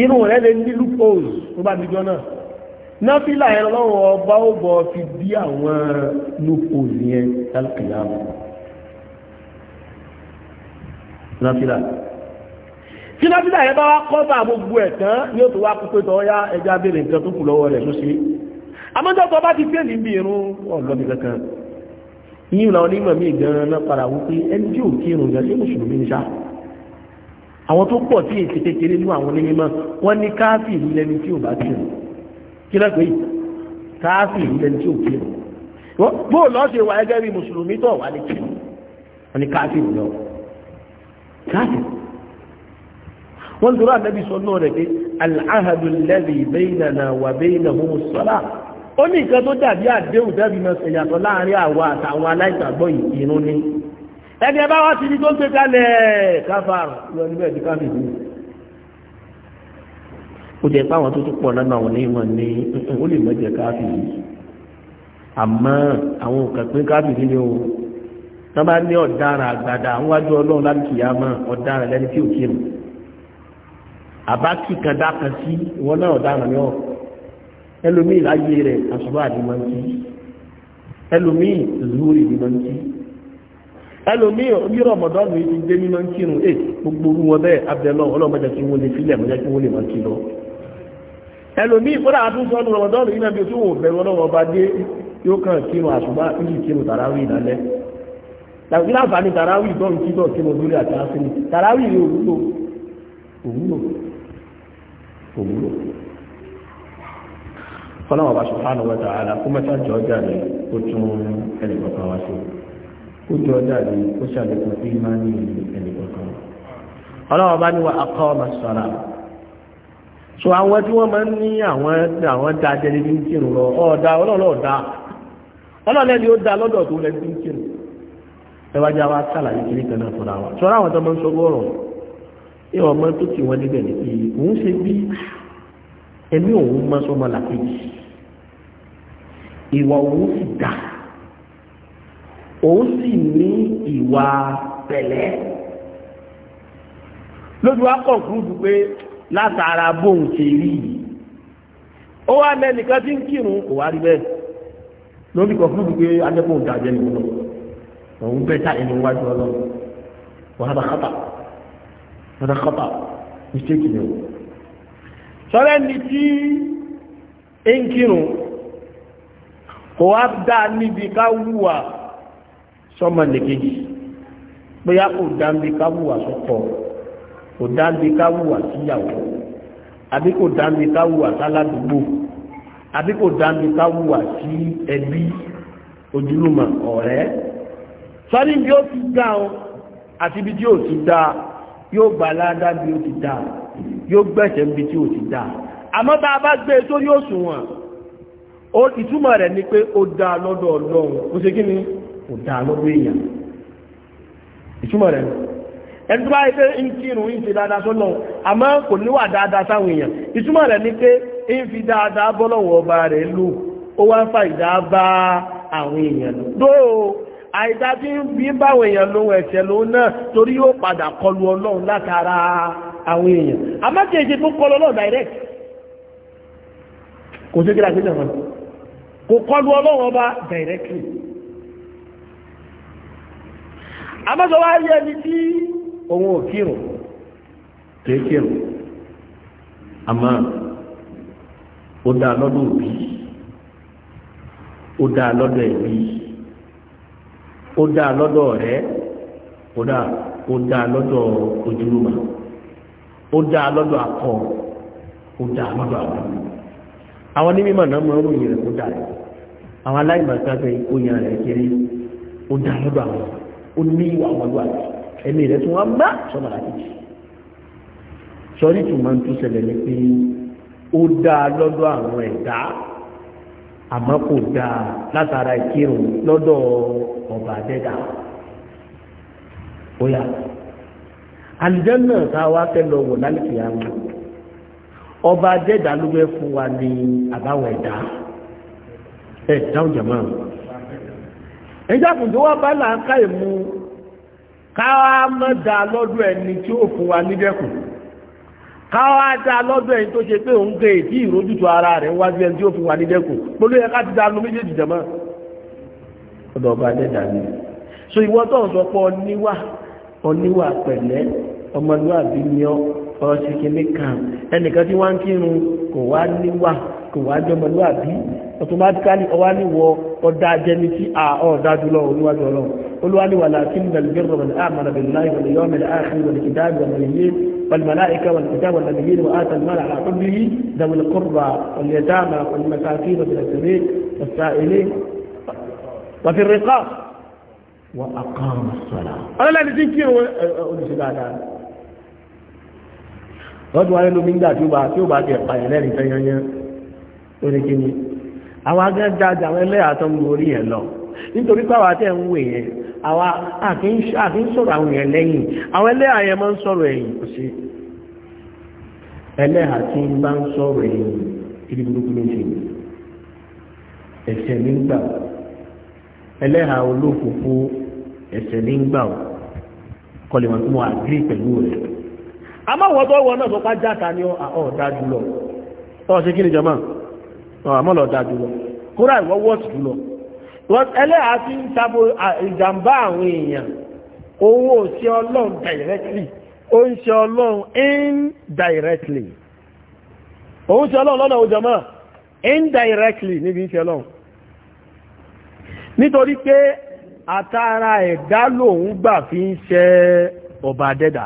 irun rẹ̀ lè ní loopholes tó bá dijọ́ náà náfìlà yẹn lọ́wọ́ ọba ó bọ̀ fi bí àwọn loopholes yẹn lálùkìyà mọ́ náfìlà tí náfìlà yẹn bá wá kọ́ bá gbogbo ẹ̀ tán ní ó tó wá kú tọ́ ya ẹja béèrè nǹkan tó kù lọ́wọ́ rẹ̀ tó ṣe bá ti fẹ́ẹ̀lì bí irun ọ̀lọ́bì kankan yìí làwọn onímọ̀ míì gan-an náà wípé ẹni tí ò kírun gan ṣé mùsùlùmí ni ṣáà àwọn tó pọ̀ tí èsì kékeré ní àwọn onímọ̀ wọ́n ní káfíìrì lẹ́ni tí ò bá kí rùn kí lẹ́pẹ́ yìí káfíìrì lẹ́ni tí ò kí rùn bóò lọ́ ṣe wà ẹgẹ́ bí mùsùlùmí tó wà ní kí rùn wọ́n ní káfíìrì lọ káfíìrì wọ́n ń dúró ànábì sọ náà rẹ̀ pé al-ahadu alladhi baynana wa baynahum as ó ní nǹkan tó dàbí àdéhùn dábì náà ṣèyàtọ̀ láàárín àwa àtàwọn aláìgbàgbọ́ yìí ni ẹni ẹ bá wá sí ibi tó ń gbé kalẹ̀ káfàrọ̀ lọ níbẹ̀ ti káfì sí. ó jẹ́ pé àwọn tó tún pọ̀ lọ́nà ní ó ni o tó bá ní ọ̀daràn àgbàdà àwọn wájú ọlọ́run láti kìyà mọ́ ọ̀daràn lẹ́ni tí ò kí mu àbá kì kan dá kan sí ìwọ náà ọ̀daràn yọ ẹlòmíì láyé rẹ̀ àṣùbọ̀ àdìmọ́ntì ẹlòmíì lórí ìdìmọ́ntì ẹlòmíì orí rọmọdọ́nù yìí ti dé mímọ́ ń kírun ẹ eh, gbogbo orú wọn bẹ́ẹ̀ abẹ́lọ́ ọlọ́mọdé tí wọ́n lè filẹ̀ mọ́jẹ́ tí wọ́n lè máa kí lọ. ẹlòmíì kódà àtúnṣe ọdún rọmọdọ́nù yìí náà bí tí wọ́n bẹ̀rù ọlọ́wọ́ bá dé yóò kàn kírun àṣùbá níbi kírun tàràwì ìdálẹ́. tàbí láǹfààní tàràwì ìdọ́rùn kí náà kírun lórí àtàràfin tàràwì rẹ̀ òwúlò òwúlò o jọ jáde kó ṣàlékún sí máa ní ẹnìkọ̀ọ̀kan ọlọ́wọ́ bá ní wa akọ́ ọmọ so àwọn tí wọ́n máa ń ní àwọn àwọn dáadẹ́ ní ń kírun lọ ọ̀dà ọlọ́ọ̀dà ọlọ́ọ̀lẹ́ni ó dá lọ́dọ̀ tó ń kírun àwọn sàlàyé kiri kan náà fúnra àwọn tó máa ń sọ gbọ́rọ̀ ẹ ọmọ tó ti wọn níbẹ̀ òun ṣe bí òun máa sọ ọmọ làkejì ìwà òun sì dáa òun sì ní ìwà pẹ̀lẹ́ lójú wa kọ̀ǹkúrúdù pé látara bóun ṣe rí yìí ó wá lẹ́nìkan tí ń kírun kò wá rí bẹ́ẹ̀ lórí kọ̀ǹkúrúdù pé adẹ́kùn dàjẹ́ nìkan òun bẹ́ẹ̀ ta ẹni wájú ọlọ́run wọ́n á bá kápá wọ́n á bá kápá mistake ni o sọ́rẹ́ ni tí ń kírun kò wá dá níbi ká wúwa sọ́mọ nìkejì bóyá kò dáńbi káwùwà sọ́kọ kò dáńbi káwùwà síyàwó àbí kò dáńbi káwùwà sáládùúgbò àbí kò dáńbi káwùwà sí ẹbí ojúlùmọ̀ ọ̀rẹ́ sọ́ni bí ó ti dá o àti ibi tí ó ti dá yóò gbà ládá bí ó ti dá yóò gbẹ̀sẹ̀ níbi tí ó ti dá àmọ́ bá a bá gbé e sórí òṣùwọ̀n ìtumọ̀ rẹ̀ ni pé ó dá lọ́dọ̀ ọlọ́run ó ṣe kí ni kò dáa lọ́dún èèyàn ìtumọ̀ rẹ̀ ẹni tó bá yẹ pé ń kírun ń ṣe dáadáa sọ́nà àmọ́ kò níwà dáadáa sáwọn èèyàn ìtumọ̀ rẹ̀ ni pé ń fi dáadáa bọ́lọ̀wọ̀ ọba rẹ̀ lù ó wá ń fa ìdá bá àwọn èèyàn lò dóò àìdá tí ń bí báwọn èèyàn lòun ẹ̀ṣẹ̀ lòun náà torí yóò padà kọlu ọlọ́run látara àwọn èèyàn àmọ́ kì í ṣe tó kọlu ọlọ́run direct kò sí kí lásìkò náà kò kọlu ọlọ́run ọba directly àmọ́sọ wá rí ni tí òun ò kírun kìí kírun àmọ́ ó dá lọ́dọ̀ òbí ó dá lọ́dọ̀ ẹ̀bí ó dá lọ́dọ̀ ọ̀rẹ́ ó dá ó dá lọ́dọ̀ ojúlùmọ̀ ó dá lọ́dọ̀ akọ ó dá lọ́dọ̀ àwọn àwọn ní mímọ̀ náà máa ń ròyìn kó dà àwọn aláìmọ̀ sáfẹ́ ìkóyàn rẹ̀ kiri ó dá lọ́dọ̀ àwọn ó ní ìwà ọmọlúwàbí ẹ̀mí rẹ̀ tí wọ́n bá sọ́mọ̀ láti jì sọ́rí tó máa ń tún ṣẹlẹ̀ ní pé ó dáa lọ́dọ̀ àwọn ẹ̀dá àmọ́ kò dáa látara ìkírun lọ́dọ̀ ọba àdẹ́dà ó yà àlùjànnà tá wá fẹ́ lọ wọ̀ lálùkì àwọn ọba àdẹ́dà ló fẹ́ fún wa ní àbáwọn ẹ̀dá ẹ̀dá òjàmọ́ àwọn. ìjákùn tó wá bá làákà ìmú káwá mọ́ da lọ́dọ̀ ẹni tí ó fún wa káwá da lọ́dọ̀ ẹni tó ṣe pé òun gbé ìrójútu ara rẹ̀ wájú ẹni tí ó fún wa nídẹ́kùn polú yẹ ká ti da méjèèjì jẹ̀mọ́ so ìwọ tó ń sọ ọníwà ọníwà pẹ̀lẹ́ ọmọlúwàbí ni ọ ẹnìkan tí wọ́n wá níwà kò wá jọmọ ní àbí automatically ọwá ní wọ ọdá jẹni tí a ọ̀dá jùlọ olúwájú ọlọ́run olúwáníwà láti ń bẹ̀rẹ̀ bẹ̀rẹ̀ wọn àmàrà bẹ̀rẹ̀ láì wọn yọ mẹ́rẹ̀ ààfin wọn kìdá wọn yé wọn mẹ́láìka wọn kìdá wọn lẹ́yẹ wọn àtàn mọ́ra àkọ́bí dàwọn kọ́rọ̀ wọn yẹ dáàmà wọn mẹ́tàkì wọn bẹ̀rẹ̀ sẹ́lẹ̀ ọ̀sà ilé wọn fi tí ó bá tí ó bá jẹ̀ pààyàn lẹ́rìí tẹ́yẹnyẹn oríkì ni àwọn agẹ́gbàjà àwọn eleha tó nri ẹ̀ lọ nítorí pàwà tẹ́ ń wè yẹn àwọn àkíń sọ̀rọ̀ àwọn èèyàn lẹ́yìn àwọn ẹlẹ́yà yẹn ń sọ̀rọ̀ ẹ̀yìn kò sí ẹlẹ́yà tí ń ń sọ̀rọ̀ ẹ̀yìn ibi burúkú ẹ̀sẹ̀ mo ní àmọ́ ah, lọ da jùlọ kóra ìwọ́ wọ́ọ̀sì jùlọ ẹlẹ́yà ti ń tabo ìjàmbá àwọn èèyàn owó òṣìṣẹ́ ọlọ́run directly ó ń ṣe ọlọ́run indirectly òun ṣe ọlọ́run lọ́nà òjò mọ́ indirectly níbi ń ṣe ọlọ́run nítorí pé àtàrà ẹ̀dá lòun gbà fi ń ṣe ọba dẹ́dà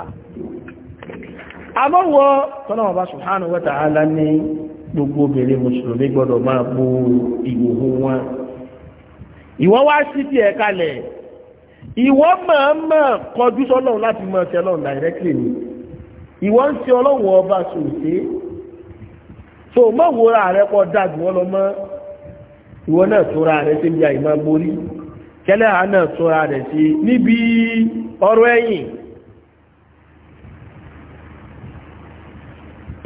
àmọ́wọ́ tọ́lọ́wọ́ bá subhanahu wa ta'ala ní gbogbo obìnrin mùsùlùmí gbọ́dọ̀ máa bo ìwòho wọn. ìwọ wá sí tiẹ̀ kalẹ̀ ìwọ mọ̀ọ́mọ̀ kọjú sọ́lọ́run láti mọ̀ ṣe ọlọ́run directly ni ìwọ ń ṣe ọlọ́run ọba sòṣè so mọ̀ wòra rẹ kọ́ da jù wọ́n lọ mọ́ ìwọ náà tóra rẹ síbi àìmọ́ borí kẹlẹ́ àá náà tóra rẹ sí níbi ọ̀rọ̀ ẹ̀yìn.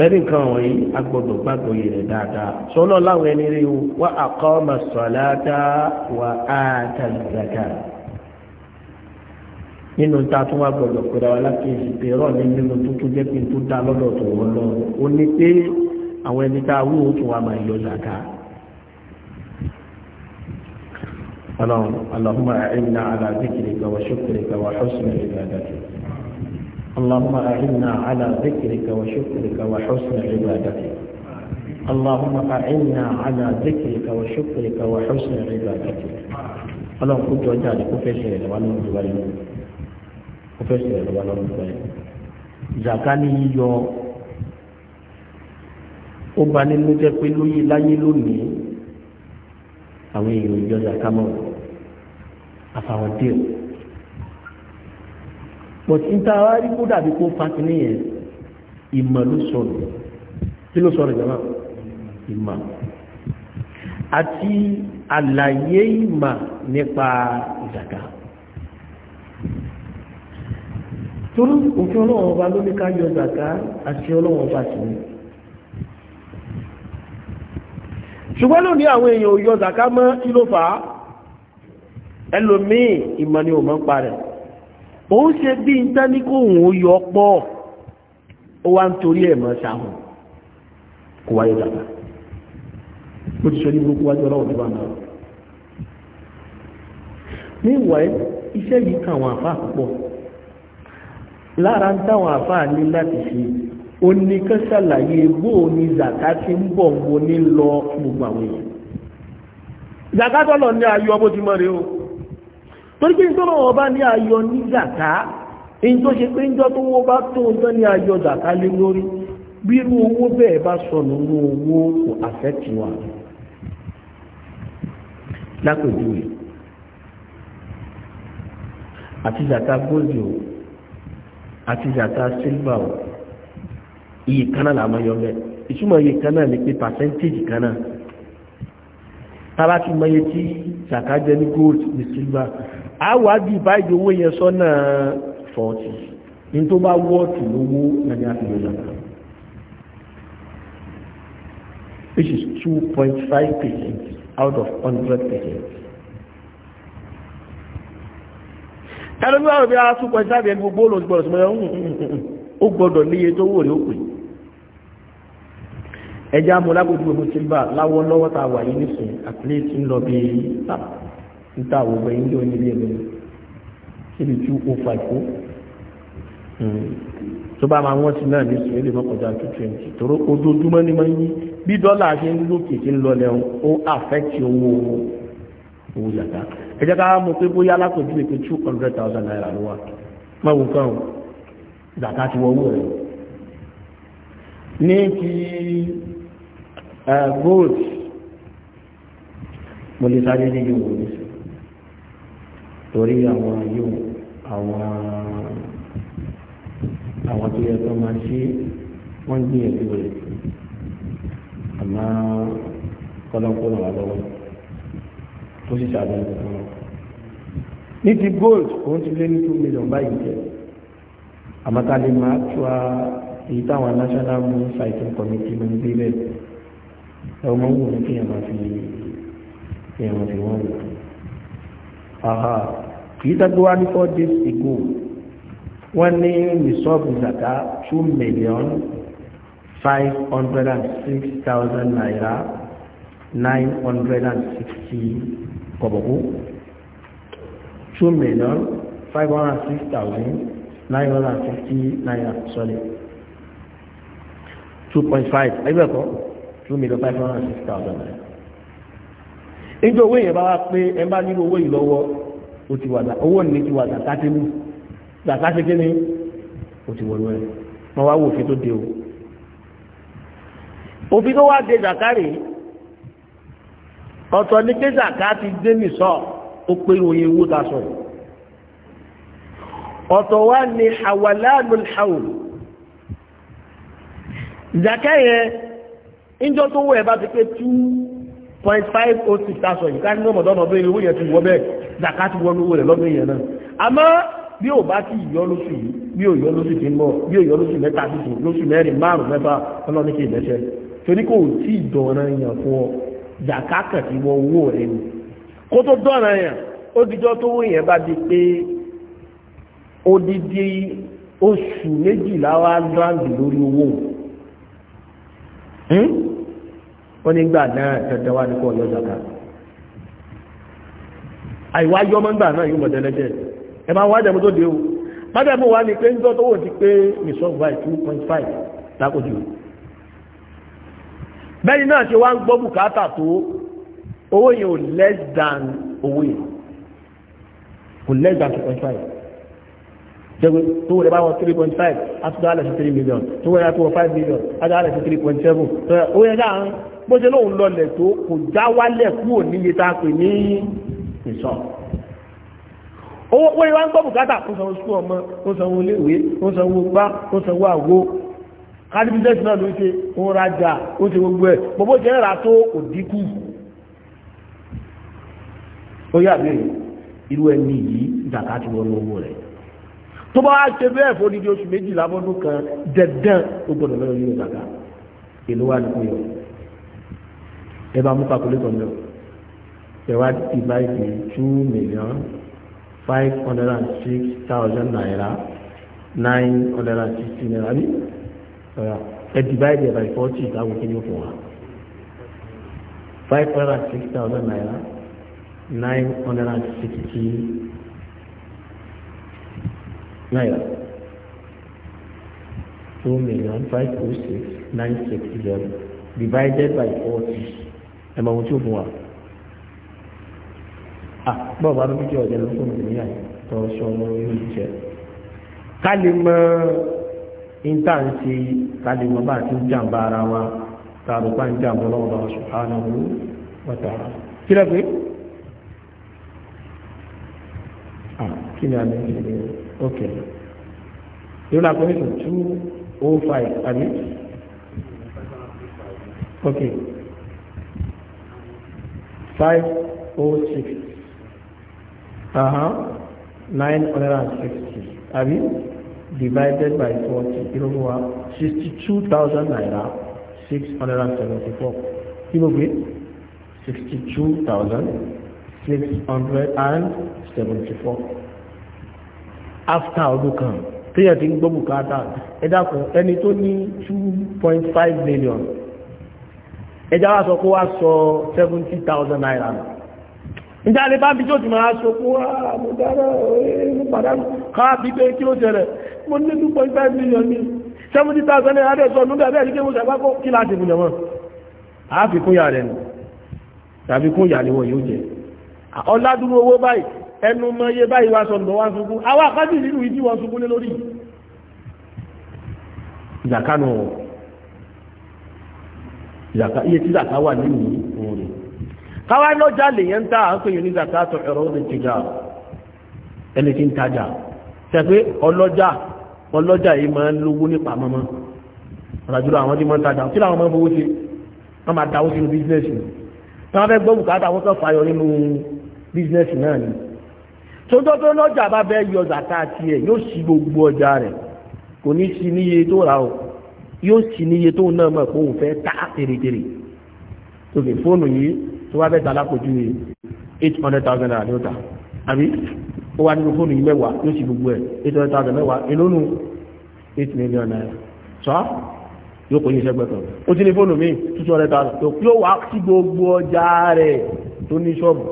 sẹ́ni nǹkan wọ̀nyí agbọ́dọ̀ gbàgbọ́ yìí rẹ̀ dáadáa sọlọ láwọn ẹni rí o wá àkọ́mà sọ̀láta wà á tàlùzàkà nínú ta tún wá gbọ́dọ̀ pẹ̀lú àwọn alákìyèsí pé rọ̀ ní nínú tuntun jẹ́ pé tó dá lọ́dọ̀ tó wọ́n lọ ó ní pé àwọn ẹni tá a wú ó tún máa yọ zàkà. اللهم أعنا على ذكرك وشكرك وحسن عبادتك اللهم أعنا على ذكرك وشكرك وحسن عبادتك اللهم أعنا على ذكرك وشكرك وحسن عبادتك اللهم كنت وجعلك وفشل وأنا مدوين وفشل وأنا مدوين zakani yíyọ ó bà nínú jẹ́ pé lóyè láyé lónìí àwọn but n ta wá rí kó dàbí kó fakínì yẹn ìmọ̀ ló sọnù kí ló sọnù jama ìmọ̀ àti àlàyé ìmọ̀ nípa ìdàgà torí òfin ọlọ́wọ́n ọba ló ní ká yọ zàká àti ọlọ́wọ́n ọba sí ni ṣùgbọ́n lónìí àwọn èèyàn ò yọ zàká mọ́ kí ló fà á ẹlòmíì ìmọ̀ ni ò mọ̀ ń parẹ́ òun ṣe bí n tán ní kó òun O yọ pọ̀ ó wá ń torí ẹ̀ mọ́ kò wáyé dàgbà ó ti sọ ní burúkú wájú ọlọ́wọ́ tó bá ń lọ. níwáyé iṣẹ́ yìí kan àwọn àfáà púpọ̀ lára ń táwọn àfáà ni ti ń bọ̀ wo ní gbogbo àwọn èèyàn tọ́lọ̀ ní bó ti torí pé nítorí wọn bá ní ayọ̀ ní zàká èyí tó ṣe pé níjọ́ tó wó bá tó ń tán ní ayọ̀ zàká lé lórí bí irú owó bẹ́ẹ̀ bá sọnù ní owó kò àfẹ́tì wa lápèjúwe àti zàká góòlù o àti zàká sílvà o iye kan náà làwọn yọ bẹ́ẹ̀ ìtumọ̀ iye kan náà ni pé pàṣẹ́ntéèjì kan náà tábà ti mọ iye tí zàká jẹ́ ní góòlù ní sílvà àwájú báyìí owó yẹn sọ́nà 40 ní tó bá wọ́ọ̀tì lówó nàní àfihàn yàtọ̀ which is 2.5 percent out of 100 percent. ẹlòmí àwọn òbí ara 2.5 ẹni gbogbo olóòtú gbọdọ̀ sọmọ ẹ̀hún hmm, hmm, hmm, ó gbọdọ̀ níye tó wò rí ó pè ẹjá mú lágbójú gbogbo sílvà láwọ́ lọ́wọ́ ta wà yìí nísìn àpilẹ̀ tí ń lọ bí i ah, níta àwògbẹ yín jọ níbi ẹgbẹ síbi two oh five ó hmm. tó bá máa wọ́n sí náà ní sùn ó lè mọ́ kọjá two twenty tóró ojoojúmọ́ ní máa ń yí bí dọ́là ṣe ń lókè ṣe ń lọlẹ̀ ó àfẹ́kì owó owó yàtá ẹ jẹ́ ká mọ̀ pé bóyá alákòjú èpè two hundred thousand naira ló wà máa wò kàn ó zàká ti wọ owó rẹ̀ ní ti eh, gold mo lè sáré ní ìwò torí àwọn yóò àwọn àwọn tó yẹ kó máa ṣe wọ́n gbìyànjú rẹ̀ àmọ́ kọ́lọ́kọ́lọ́ wà lọ́wọ́ tó sì ṣàbẹ̀wò fún wọn. ní ti gold òun ti lé ní two million báyìí jẹ́ àmọ́ tá lè máa tú a èyí táwọn national moon sighting committee ló ń gbé bẹ́ẹ̀ ẹ ọmọ wù ní kéèyàn máa fi kéèyàn máa fi wọ́n wò kìí dájú wá ní four days ago wọ́n ní rìsọ́ọ̀bù zaka two million five hundred and six thousand naira nine hundred and sixty kọ̀bọ̀kú two million five hundred and six thousand nine hundred and sixty naira sorry two point five ẹgbẹ́ kan two million five hundred and six thousand naira. nítorí owó yẹn bá wá pé ẹ bá nílò owó yìí lọ́wọ́. O ti wà dà owó ní ti wà dàtà tí mú dàtà tí kí ni ó ti wọ̀lú ẹ̀ wọ́n wá wò fi tó dé o òfin tó wá dé zakari ọ̀tọ̀ ní pé zaka ti dé mi sọ ó pé ìròyìn owó ta sọ ọ̀tọ̀ wá ní hawalanul hawl zakari yẹn níjọ́ tó wọ ẹ̀ bá ti pé two point five oh six ta yìí ká ní ọmọdé ọmọdé ìwé yẹn ti wọ bẹ́ẹ̀ zakati wọnú owó rẹ̀ lọ́dún yẹn náà àmọ́ bí ò bá ti yọ lóṣù yìí bí ò yọ lóṣù tí ń bọ̀ bí ò yọ lóṣù mẹ́ta tó tó lóṣù mẹ́rin márùn mẹ́fà ọlọ́ni kì í lẹ́sẹ̀ torí kò tí ì dọ̀ọ̀ràn yàn fún ọ zakaka ti wọ owó rẹ̀ ni kó tó dọ̀ọ̀ràn yàn ó dijọ́ tó yẹn bá di pé odidi oṣù méjìlá wa dáńdì lórí owó hm? wọn nígbà náà dandan wá ní kó ọyọ zakaka àìwá yọ́ mọ́ngbà náà yóò mọ̀dẹ́lẹ́jẹ́ ẹ máa wá jẹ́mú tó dé o májẹ̀mú wa ni pé ń tọ́ tó wò ti pé mìsọ́ọ̀bù báyìí two point five lákòjú bẹ́ẹ̀ni náà ṣe wá ń gbọ́ bùkátà less than owó yẹn less than two point five jẹ́gbẹ́ tó wọlé bá wọn three point five àtúntò million tó wọlé àtúntò five million àtúntò àlẹ́ sí three point seven owó yẹn dáhùn bó ṣe lóun lọlẹ̀ tó kò já wálẹ̀ kúrò níye tá pè ní nìṣọ́ owó pé wá ń gbọ́ bùkátà ó sanwó sukú ọmọ ó sanwó iléèwé ó sanwó gbá ó sanwó àwo kádìbíṣẹ́sì náà ló ṣe ó rajà ó ṣe gbogbo ẹ̀ gbogbo ṣe ń ra tó òdínkù ó yà bí irú ẹni yìí ìjàkà ti wọnú owó rẹ̀ tó bá wá ṣe bẹ́ẹ̀ fún odidi oṣù méjìlá bọ́dún kan dẹ̀dẹ̀n ó gbọ́dọ̀ lọ́yọ̀ yóò dàgbà èlò wà ní kúyọ̀ ẹ bá mú kakúlé kan náà ẹ̀wá divide ní two million five hundred and six thousand naira nine hundred and sixty naira ní ẹ divide by forty ìdáwó kí ni ó for one. five hundred and six thousand naira nine hundred and sixty naira Two million five hundred two million five oh six nine six zero divided by forty ẹ̀ mọ̀ ohun tí ó fún wa. Ah, bọ́ọ̀ bá dúkìá ọ̀jẹ̀ ló fún mi níyà tó sọ ọmọ yóò jẹ. ká lè mọ níta ń ṣe ká lè mọ bá àti jàǹbá ara wa tààrù ń jàǹbá lọ́wọ́ bá subhanahu wa ah, ok oh ok nine hundred and sixty àbí divided by forty ìrọ̀rùn wa sixty two thousand naira six hundred and seventy four kí ló gbé sixty two thousand six hundred and seventy four after ọdún kan téèyàn ti ń gbọ́ bùkátà ẹ dákun ẹni tó ní two point five million ẹjá wa sọ kó wá sọ seventy thousand naira ìjáde bá bí tí ó ti máa ṣokú ààbò ah, dára ẹ̀ẹ́mú eh, pàdánù káà bí pé kí 2.5 million ní 70,000 naira rẹ̀ sọ nígbà bẹ́ẹ̀ ní kí mo ṣàgbákọ́ kí láti bùnà wọn àáfikún yà rẹ̀ nù tàbí kún yà níwọ̀n yóò jẹ ọládúró owó báyìí ẹnu mọ iye báyìí wá sọ lọ wá sunkún àwọn àkájì nínú ìdí wọn sunkún lé lórí ìjàkánu ìjàká iye tí ìjàká wà nínú òun káwá lọ́jà lèyẹn ń ta à ń pè ní zakato ẹ̀rọ ó lè tìjà ẹni tí ń tajà ṣẹ̀pẹ́ ọlọ́jà ọlọ́jà yìí máa ń lówó nípa mọ́mọ́ ọ̀làjúlọ àwọn tí máa ń tajà kí làwọn máa ń fowó ṣe wọ́n máa dáwó sínú bísínẹ́sì tí wọ́n fẹ́ gbọ́ bùkátà wọ́n kàn fàyọ nínú bísínẹ́sì náà ni tóńtó tó lọ́jà bá bẹ́ yọ zàká tiẹ̀ yóò sí gbogbo ọjà rẹ̀ kò ní sí níye tó rà o yóò sí níye tó náà mọ̀ pé òun fẹ́ tá tèrètèrè tó fi fóònù yìí tó wá bẹ́ẹ̀ tà lápòjú rẹ̀ eight hundred thousand naira ní ọ̀tà àbí ó wá nínú fóònù yìí mẹ́wàá yóò sì gbogbo ẹ̀ eight hundred thousand mẹ́wàá ìlónú eight million naira sọ yóò kó yín sẹ́gbẹ̀ẹ́ kan ó ti ní fóònù mi two hundred thousand tó yóò wá sí gbogbo ọjà rẹ̀ tó ní ṣọ́ọ̀bù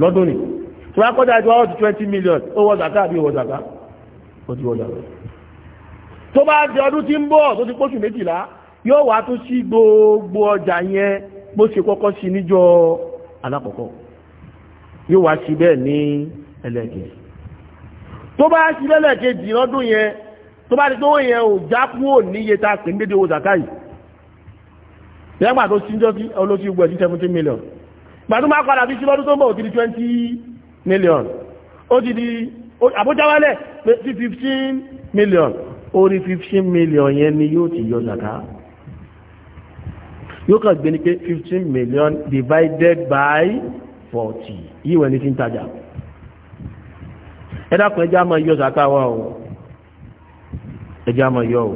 lọ́dún ni tó wá kọjá ìjọ ọ̀tún twenty million ó wọ zaka àbí ìwọ zaka ó ti wọ zaka tó bá di ọdún tí ń bọ̀ tó ti kóṣù méjìlá yóò wá tó sí gbogbo ọjà yẹn bó ṣe kọ́kọ́ sí níjọ́ alákọ̀ọ́kọ́ yóò wá sí bẹ́ẹ̀ ní ẹlẹ́kejì tó bá sí lẹ́lẹ́kejì lọ́dún yẹn tó bá ti tó yẹn ò já kúrò níye tá a pè ní dédé owó zakai lẹ́gbà tó síjọ́ sí olóṣù ìgbọ̀ sí seventeen million gbàdúrà máa padà bí sí lọ́dún tó ń bọ̀ ó ti di twenty million ó ti di àbújá wálẹ̀ fifteen million orí fifteen million yẹn ni yóò ti yọ zakai yóò kàn gbé ní pé fifteen million divided by forty yíwọ ní fi ń tajà ẹ dákun ẹjẹ àmọ́ yọ sàkà wa o ẹjẹ àmọ́ yọ o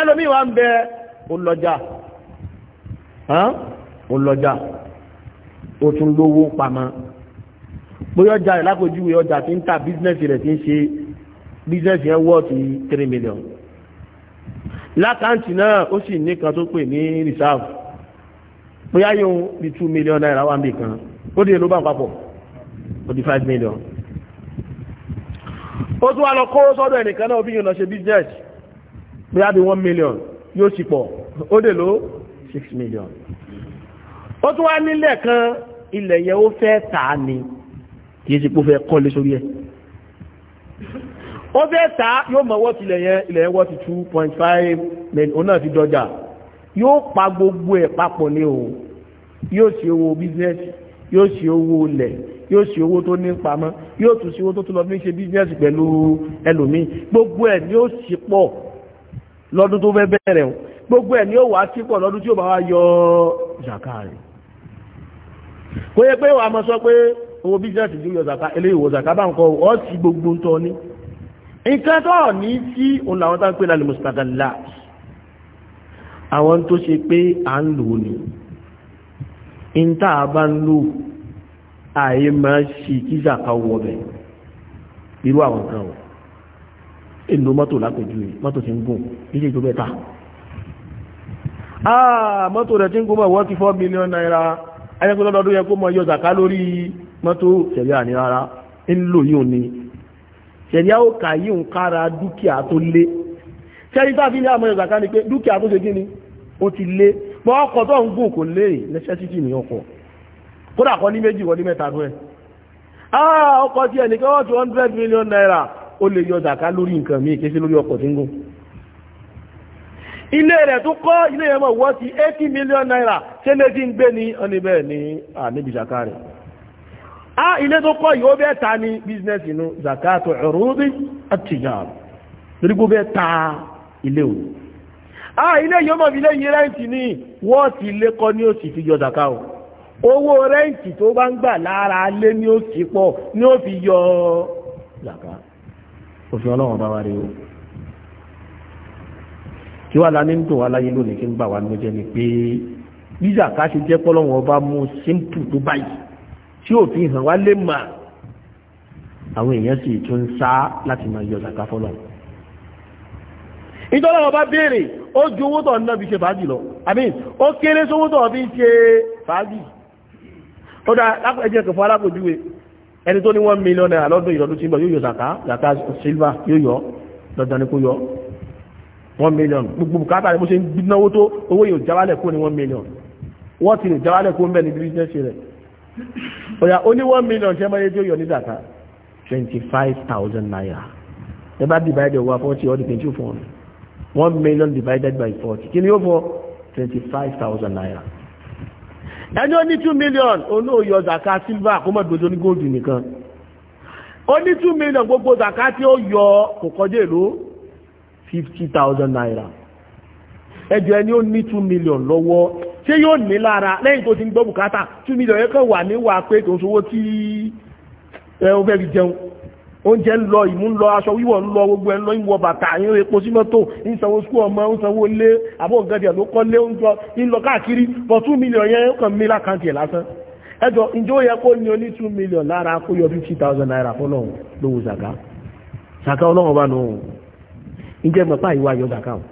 ẹlòmíì wa ń bẹ olọjà olọjà o tún lówó pamọ́ bóyá ọjà rẹ̀ lápòjúwe ọjà tí ń ta bísínẹ́sì rẹ̀ tí ń ṣe bísínẹ́sì yẹn wọ́ọ̀tì three million lákàntì náà ó sì ní kan tó pè ní reserve bóyá yóò bí two million naira wà níbi kan ó di èlò bá papọ̀ ó di five million. ó tún wá lọ kó sọ́dọ̀ ẹnìkan náà obìnrin lọ ṣe business bóyá bí one million yóò sì pọ̀ ó dè ló six million. ó tún wá nílẹ̀ kan ilẹ̀ yẹn ó fẹ́ tà á ni kì í ṣe pé ó fẹ́ kọ́lé sórí ẹ̀ ó fẹ́ ta yóò mọ̀ wọ́n tilẹ̀ yẹn ilẹ̀ yẹn wọ́n two point five million òun náà ti dọjà yóò pa gbogbo ẹ̀ papọ̀ ní o yóò ṣe owó bísínẹ́sì yóò ṣe owó ilẹ̀ yóò ṣe owó tó ní pamọ́ yóò tún ṣe owó tó tún lọ fi ń ṣe bísínẹ́sì pẹ̀lú ẹlòmíì gbogbo ẹ̀ ni ó ṣe pọ̀ lọ́dún tó fẹ́ bẹ̀rẹ̀ o gbogbo ẹ̀ ni ó wà á pọ̀ lọ́dún tí ó bá wá yọ zakari kò yẹ nǹkan tó ní tí òun làwọn tá ń pè lálẹ́ mùsùlùmí àwọn tó ṣe pé à ń lò ní ìta bá ń lò àyè máa ṣe kí zaka wọ bẹ̀ irú àwọn kan wọ̀ èlò mọ́tò lápẹ̀jú rẹ̀ mọ́tò ti ń gùn nílé ìjọba ẹ̀ta àà ah, mọ́tò rẹ̀ ti ń gùn mọ́ wọ́n ti four million naira ayẹ́kùn lọ́dọọdún yẹ kó mọ yọ zaka lórí mọ́tò ṣẹ̀rí àní rárá ń lò yóò ní ṣẹ̀ríà ó kà yí ń kára dúkìá tó lé ṣẹ́rí tàbí ní àmọ́ ìzàká ni pé dúkìá tó ṣe kí ni ó ti lé pọ́ ọkọ̀ tó ń gùn kò lè necessity ní ọkọ̀ kódà kọ́ ní méjì wọ́n ní mẹ́ta rẹ̀ ah ọkọ̀ tí ẹnìkan wọ́n two hundred million naira ó lè yọ zàká lórí nǹkan míì kí sí lórí ọkọ̀ tí ń gùn ilé rẹ̀ tó kọ́ ilé yẹn mọ̀ wọ́n ti eighty million naira ṣé lè ti ń gbé ní ọ̀nìbẹ̀ a ilé tó kọ́ yóò bẹ́ẹ̀ ta ní business inú zakato ẹ̀rọ́bí àtìyàn torípò bẹ́ẹ̀ ta ilé o a ilé yóò mọ̀ ilé yìí rẹ́ǹtì ní wọ́ọ̀tì ilé kọ́ ní òsì fi yọ zaka o owó rẹ́ǹtì tó bá ń gbà lára lé ní òsì pọ̀ ní ó fi yọ zaka òfin ọlọ́wọ́n bá wá rí o kí wá la ní ń láyé lónìí kí ń bà wá ní jẹ́ ni pé bí zaka ṣe jẹ́ pọ́lọ́wọ́n bá mú simple tó báyìí tí ò fi hàn wá lè mà àwọn èèyàn sì tún ń sá láti máa yọ zaka fọ́lọ̀ ìjọba ọba béèrè ó ju owó tọ̀ náà fi ṣe fàájì lọ àmì ó kéré sówó tọ̀ fi ṣe fàájì ó dá ẹjẹ́ kẹfọ́ alákòjúwe ẹni tó ní one million naira lọ́dún ìlọ́dún tí ń bọ̀ yóò yọ zaka zaka silver yóò yọ dandan ni kó yọ one million gbogbo bùkátà ni mo ṣe ń náwó tó owó yóò jáwálẹ̀ kó ní one million wọ́n ti lè jáwálẹ̀ kó ń bẹ̀ ní bírísẹ́sì rẹ̀ ọ̀yà ó ní one million ṣẹ́ mọ́lẹ́ tí ó yọ ní dàtà twenty five thousand naira ẹ bá divide over forty or twenty two fún one million divided by forty kí ni yóò fọ twenty five thousand naira ẹni ó ní two million olóòyọ zaka silver kó mọ̀ dodo ní góòdù nìkan ó ní two million gbogbo zaka tí ó yọ kò kọjá èlò fifty thousand naira ẹjọ ẹni ó ní two million lọ́wọ́ ṣé yóò ní lára lẹ́yìn tó ti ń gbọ́ bùkátà two million yẹn kàn wà níwà pé tó ń sowó tí ẹ o fẹ́ fi jẹun oúnjẹ ń lọ ìmú ń lọ aṣọ wíwọ̀ ń lọ gbogbo ẹ̀ ń lọ ìwọ̀ bàtà ìrìn epo sí ń sanwó sukú ọmọ ń sanwó lé àbọ̀ nǹkan ló kọ́ lé ń lọ káàkiri for two million yẹn kàn mí lákàntì ẹ̀ lásán ẹjọ́ ìjọ yẹ kó ní oní 2 million lára kó yọ 50,000 naira fọ́lọ́run lówó zaka zaka ọlọ́run bá nù ìjẹ́ mọ̀pá ìwà yọ zaka wọn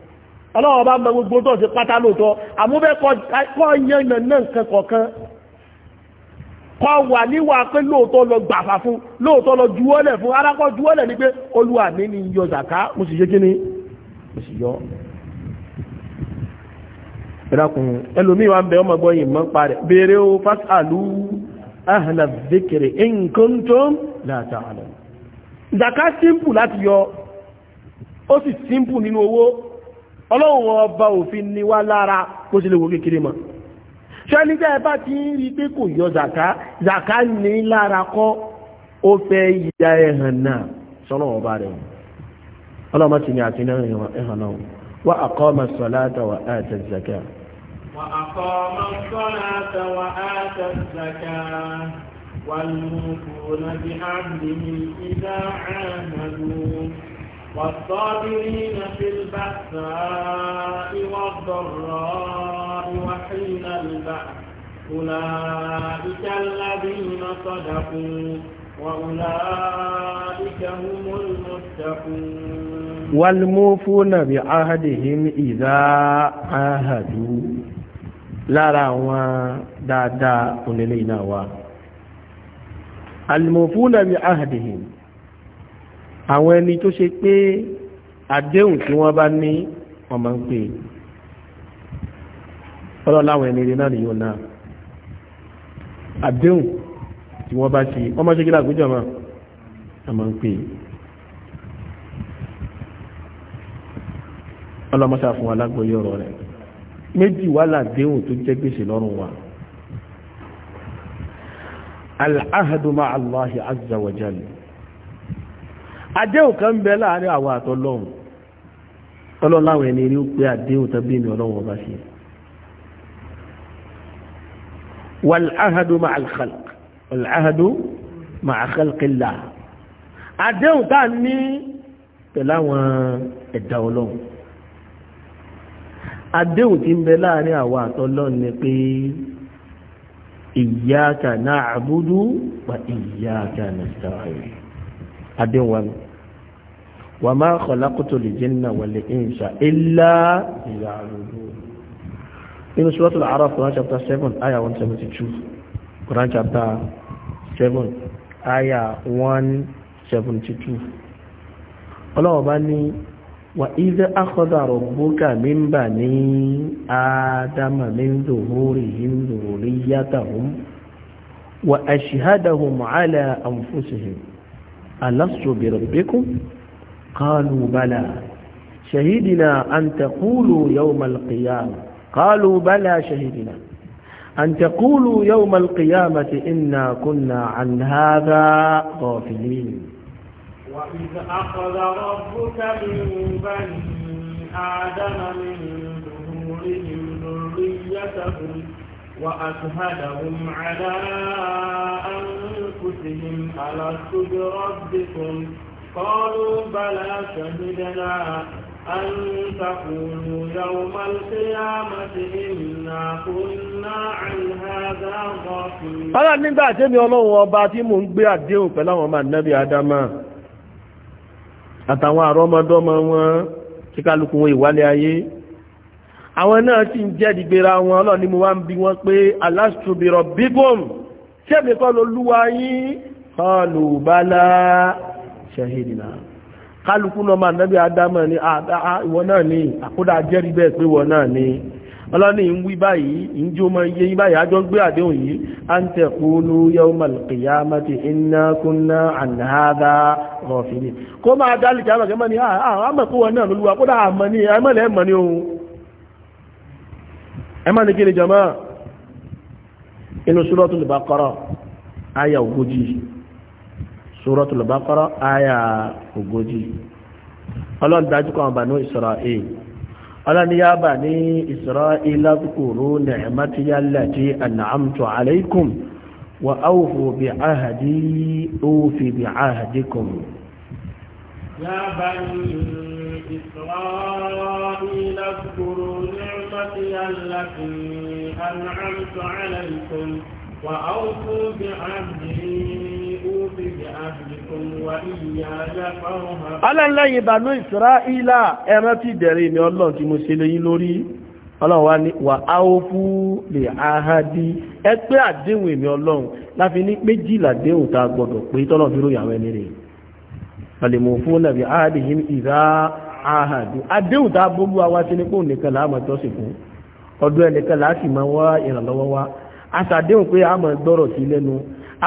ọlọ́wọ́ bá mọ gbogbo tó ṣe pátá lóòtọ́ àmúbẹ́ kọ́ yànnà náà nǹkan kọ̀ọ̀kan kọ́ wà níwà pé lóòtọ́ lọ gbàfà fún lóòtọ́ lọ juwọ́lẹ̀ fún arákọ́ juwọ́lẹ̀ ní pé olúwa mi ni yọ zàká mo sì yé kí ni mo sì yọ. ìdákun ẹlòmíì wa ń bẹ ọmọ gbọ́yìn mọ́ pa rẹ̀ béèrè o fasalu ahla dhikri in kuntum la ta'lamun. zàká simple láti yọ ó sì simple nínú owó ọlọ́run ọba òfin ni wá lára kó sí lè wo kékeré mọ́ ṣẹ́ni tẹ́ ẹ bá ti ń rí pé kò yọ zàká zàká ní lára kọ́ ó fẹ́ ìyá ẹ̀hàn náà sọ́nà ọba rẹ̀ ọlọ́mọ ti ní àti náà ẹ̀hàn náà wa aqama salata wa ata zaka. wa aqama salata wa ata zaka wal mufuna bi ahdihi idha ahadu. والصابرين في البأساء والضراء وحين البأس أولئك الذين صدقوا وأولئك هم المتقون والموفون بعهدهم إذا عاهدوا لا لا دا دا ونلينا وا الموفون بعهدهم àwọn ẹni tó ṣe pé àdéhùn tí wọ́n bá ní ọmọ ń pè ọlọ́lá ẹni rí náà nìyàn náà àdéhùn tí wọ́n bá ṣe ọmọ ṣe kí lágbójọ mọ́ ọmọ ń pè ọlọ́mọṣà fún wa ọ̀rọ̀ rẹ̀ méjì wà làdéhùn tó jẹ́ gbèsè lọ́rùn wa al-ahdu azza wa jalla àdéhùn kan bẹ láàrin àwọn àtọlọ́hun ọlọ́run láwọn ẹni rí ó pé àdéhùn tán bí mi ọlọ́run ọba ṣe wàláhàdù máa alkhalq wàláhàdù máa khalqillah àdéhùn tá ní pẹ̀lú àwọn ẹ̀dá ọlọ́run àdéhùn tí ń bẹ láàrin àwọn àtọlọ́hun ni pé iyyaka na'budu wa iyyaka nasta'in àdéhùn wa ni wa ma khalaqtu al-jinna wal-insa illa liya'budun nínú suratul A'raf Quran chapter seven aya one seventy two Quran chapter seven aya one seventy two ọlọ́wọ́ bá ní wà ìdẹ́ akọ́dàrọ̀ bókà mímbà ní àádámà mímbòhórí yímbòhórí yátàhùn wà àṣìhádàhùn mọ̀álà àmfúsìhìn ألست بربكم قالوا بلى شهدنا أن تقولوا يوم القيامة قالوا بلى شهدنا أن تقولوا يوم القيامة إنا كنا عن هذا غافلين وإذ أخذ ربك من بني آدم من ظهورهم ذريتهم وأشهدهم على أنفسهم ألست بربكم قالوا بلى شهدنا أن تقولوا يوم القيامة إنا كنا عن هذا غافلين Ọlá nígbà tí mi ọlọ́run ọba tí mò ń gbé àdéhùn pẹ̀lú àwọn ọmọ ànábì Adama àtàwọn àrọ́mọdọ́mọ wọn tí kálukú wọn ìwálé ayé àwọn náà sì ń jẹ́ ìdìgbèrà wọn ọlọ́ni mo wá ń bi wọn pé alásùbìrọ̀ bíbòm ṣẹ́mi kọ́ ló lúwa yín kọlù bálá ṣẹ̀hìnà kálukú náà máa nẹ́bí adámọ̀ ní ìwọ náà ni àkódà jẹ́rìí bẹ́ẹ̀ pé wọ náà ni ọlọ́ni ń wí báyìí ń jó mọ iye yín báyìí àjọ ń gbé àdéhùn yìí à ń tẹ̀kúnú yawmal qiyamati inna kunna an hadha ghafilin kó máa dálì jáàmà kẹ́mọ́ ni àmọ̀ kó wọn náà lóluwa kódà àmọ́ ni àmọ́ lẹ́ẹ̀mọ́ ni òun ẹmà ní kíni jama inú suratul Baqara aya ogójì suratul Baqara aya ogójì ọlọ́n dájú kan Banu Isra'il ọlọ́n ni ya Bani Isra'il adhkuru ni'mati allati an'amtu alaykum wa awfu bi'ahdi awfi bi'ahdikum يا بني إسرائيل اذكروا نعمتي التي أنعمت عليكم وأوفوا بعهدي أوف بعهدكم وإياي فارهبون ألا لا يبنوا إسرائيل ẹran tí ìdẹ̀rẹ̀ mi ọlọ́run tí mo ṣe lé yín lórí ọlọ́run wá ní wà áwọ́fú lè áhádí ẹgbẹ́ àdéhùn èmi ọlọ́run láfi ní méjìlá déhùn tá a gbọ́dọ̀ pé tọ́lọ́ fi ròyìn àwọn ẹni rèé alìmọ̀fún nàbí àádìhìm ìdá àhàdù àdéhùn tá a bólú wa wá sí nípò nìkan láàmà tọ́sí fún ọdún ẹnìkan láti máa wá ìrànlọ́wọ́ wa àṣàdéhùn pé a máa gbọ́rọ̀ sí lẹ́nu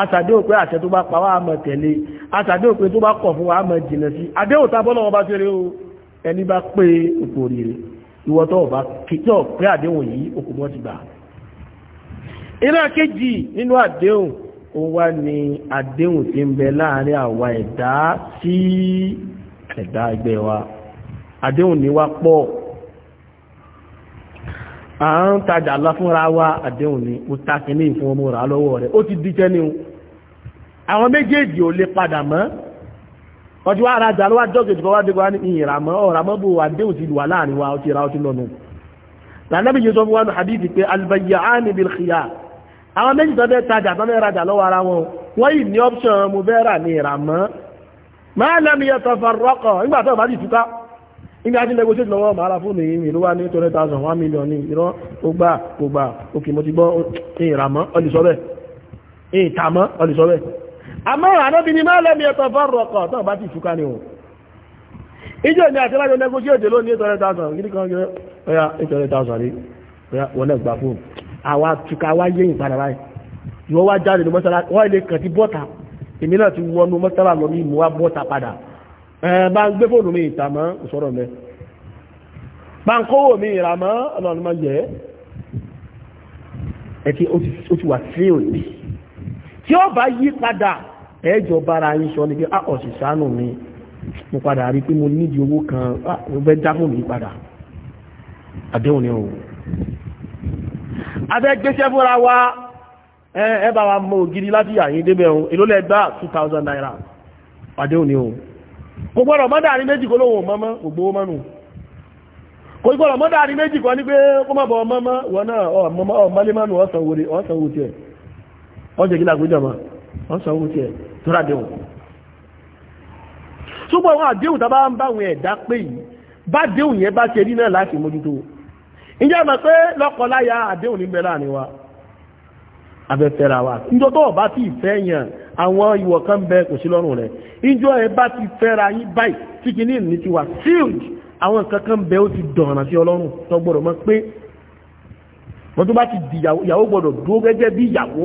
àṣàdéhùn pé àṣẹ tó bá pa wá a máa tẹ̀lé àṣàdéhùn pé tó bá kọ̀ fún wa a máa jìnà sí àdéhùn tá a bọ́lọ́wọ́ bá fẹ́rẹ́ o ẹni bá pé òkú oríire ìwọ tó ọba tó pé ó wá ní àdéhùn tí ń bẹ láàrin àwa ẹ̀dá sí ẹ̀dá ẹgbẹ́ wa àdéhùn ni wá pọ̀ à ń tajà lọ fúnra wa àdéhùn ní ó tàkì ní ìfún ọmọ rà lọ́wọ́ rẹ̀ ó ti díjẹ́ ní àwọn méjèèjì ò lè padà mọ́ ọjọ́ wa ara jà ló wá jọ́gẹ̀jì kọ́ wá ní ìràmọ́ ọ̀ràmọ́ bò àdéhùn ti wà láàrin wa ó ti ra ó ti lọ́nu lànàbí sọ fún wa ní hadith pé albayyani bil khiyar àwọn méjì tó fẹ́ tajà tó fẹ́ rajà lọ́wọ́ ara wọn wọ́n yìí ní option mo fẹ́ rà ní ìràmọ́ máa lẹ́nu yẹ tọ́fà rọ́kọ̀ nígbà bá dì túká thousand one million ní irọ́ ó gbà kò gbà òkè mo ti gbọ́ ìràmọ́ ọlùsọ́bẹ̀ ìtàmọ́ ọlùsọ́bẹ̀ àmọ́ ànábi ni máa lẹ́nu yẹ tọ́fà rọ́kọ̀ tó bá dì túká ni o ìjọ ni àti lájọ negotiate lónìí twenty thousand kí ni kan yẹ ọ̀yà twenty thousand rí ọ̀yà wọlé gbà fóònù àwa tuka wá yé ìpadà báyìí ìwọ wá jáde ní mọ́sálásí wọ́n ilé kàn ti bọ́ta èmi náà ti wọnú mọ́sálásí lọ mí mú wá bọ́ta padà ẹ bá ń gbé fóònù mi ìta mọ́ ìsọ̀rọ̀ mẹ́ bá ń kówó mi ìrà mọ́ ọlọ́run máa jẹ́ ẹ ti ó ti wà sí òní tí ó bá yí padà ẹjọ́ bára yín sọ ni pé a ọ̀sì sánú mi mo padà rí pé mo nídìí owó kan mo fẹ́ dá fóònù padà àdéhùn ni òun abẹ́ gbéṣẹ́ fúnra wa ẹ wa mọ ògiri láti àyín débẹ̀ ohun èló lẹ 2000 naira pàdé òní ohun kò gbọ́dọ̀ mọ́dà ní méjì kó lóhun mọ́mọ́ ògbówó mọ́nu kò gbọ́dọ̀ mọ́dà ní méjì kan ní pé kó má mọ́mọ́ wọn náà ìjẹ́ mọ̀ pé lọ́kọláya àdéhùn ní bẹ̀rẹ̀ àníwá abẹ́fẹ́ra wa ìjọ tó bá ti fẹ́ yàn àwọn ìwọ̀ kan bẹ kò sí lọ́rùn rẹ̀ ìjọ ẹ bá ti fẹ́ra yín báyìí tí kì ní ní ti wà sealed di ìyàwó gbọ́dọ̀ dúró gẹ́gẹ́ bí ìyàwó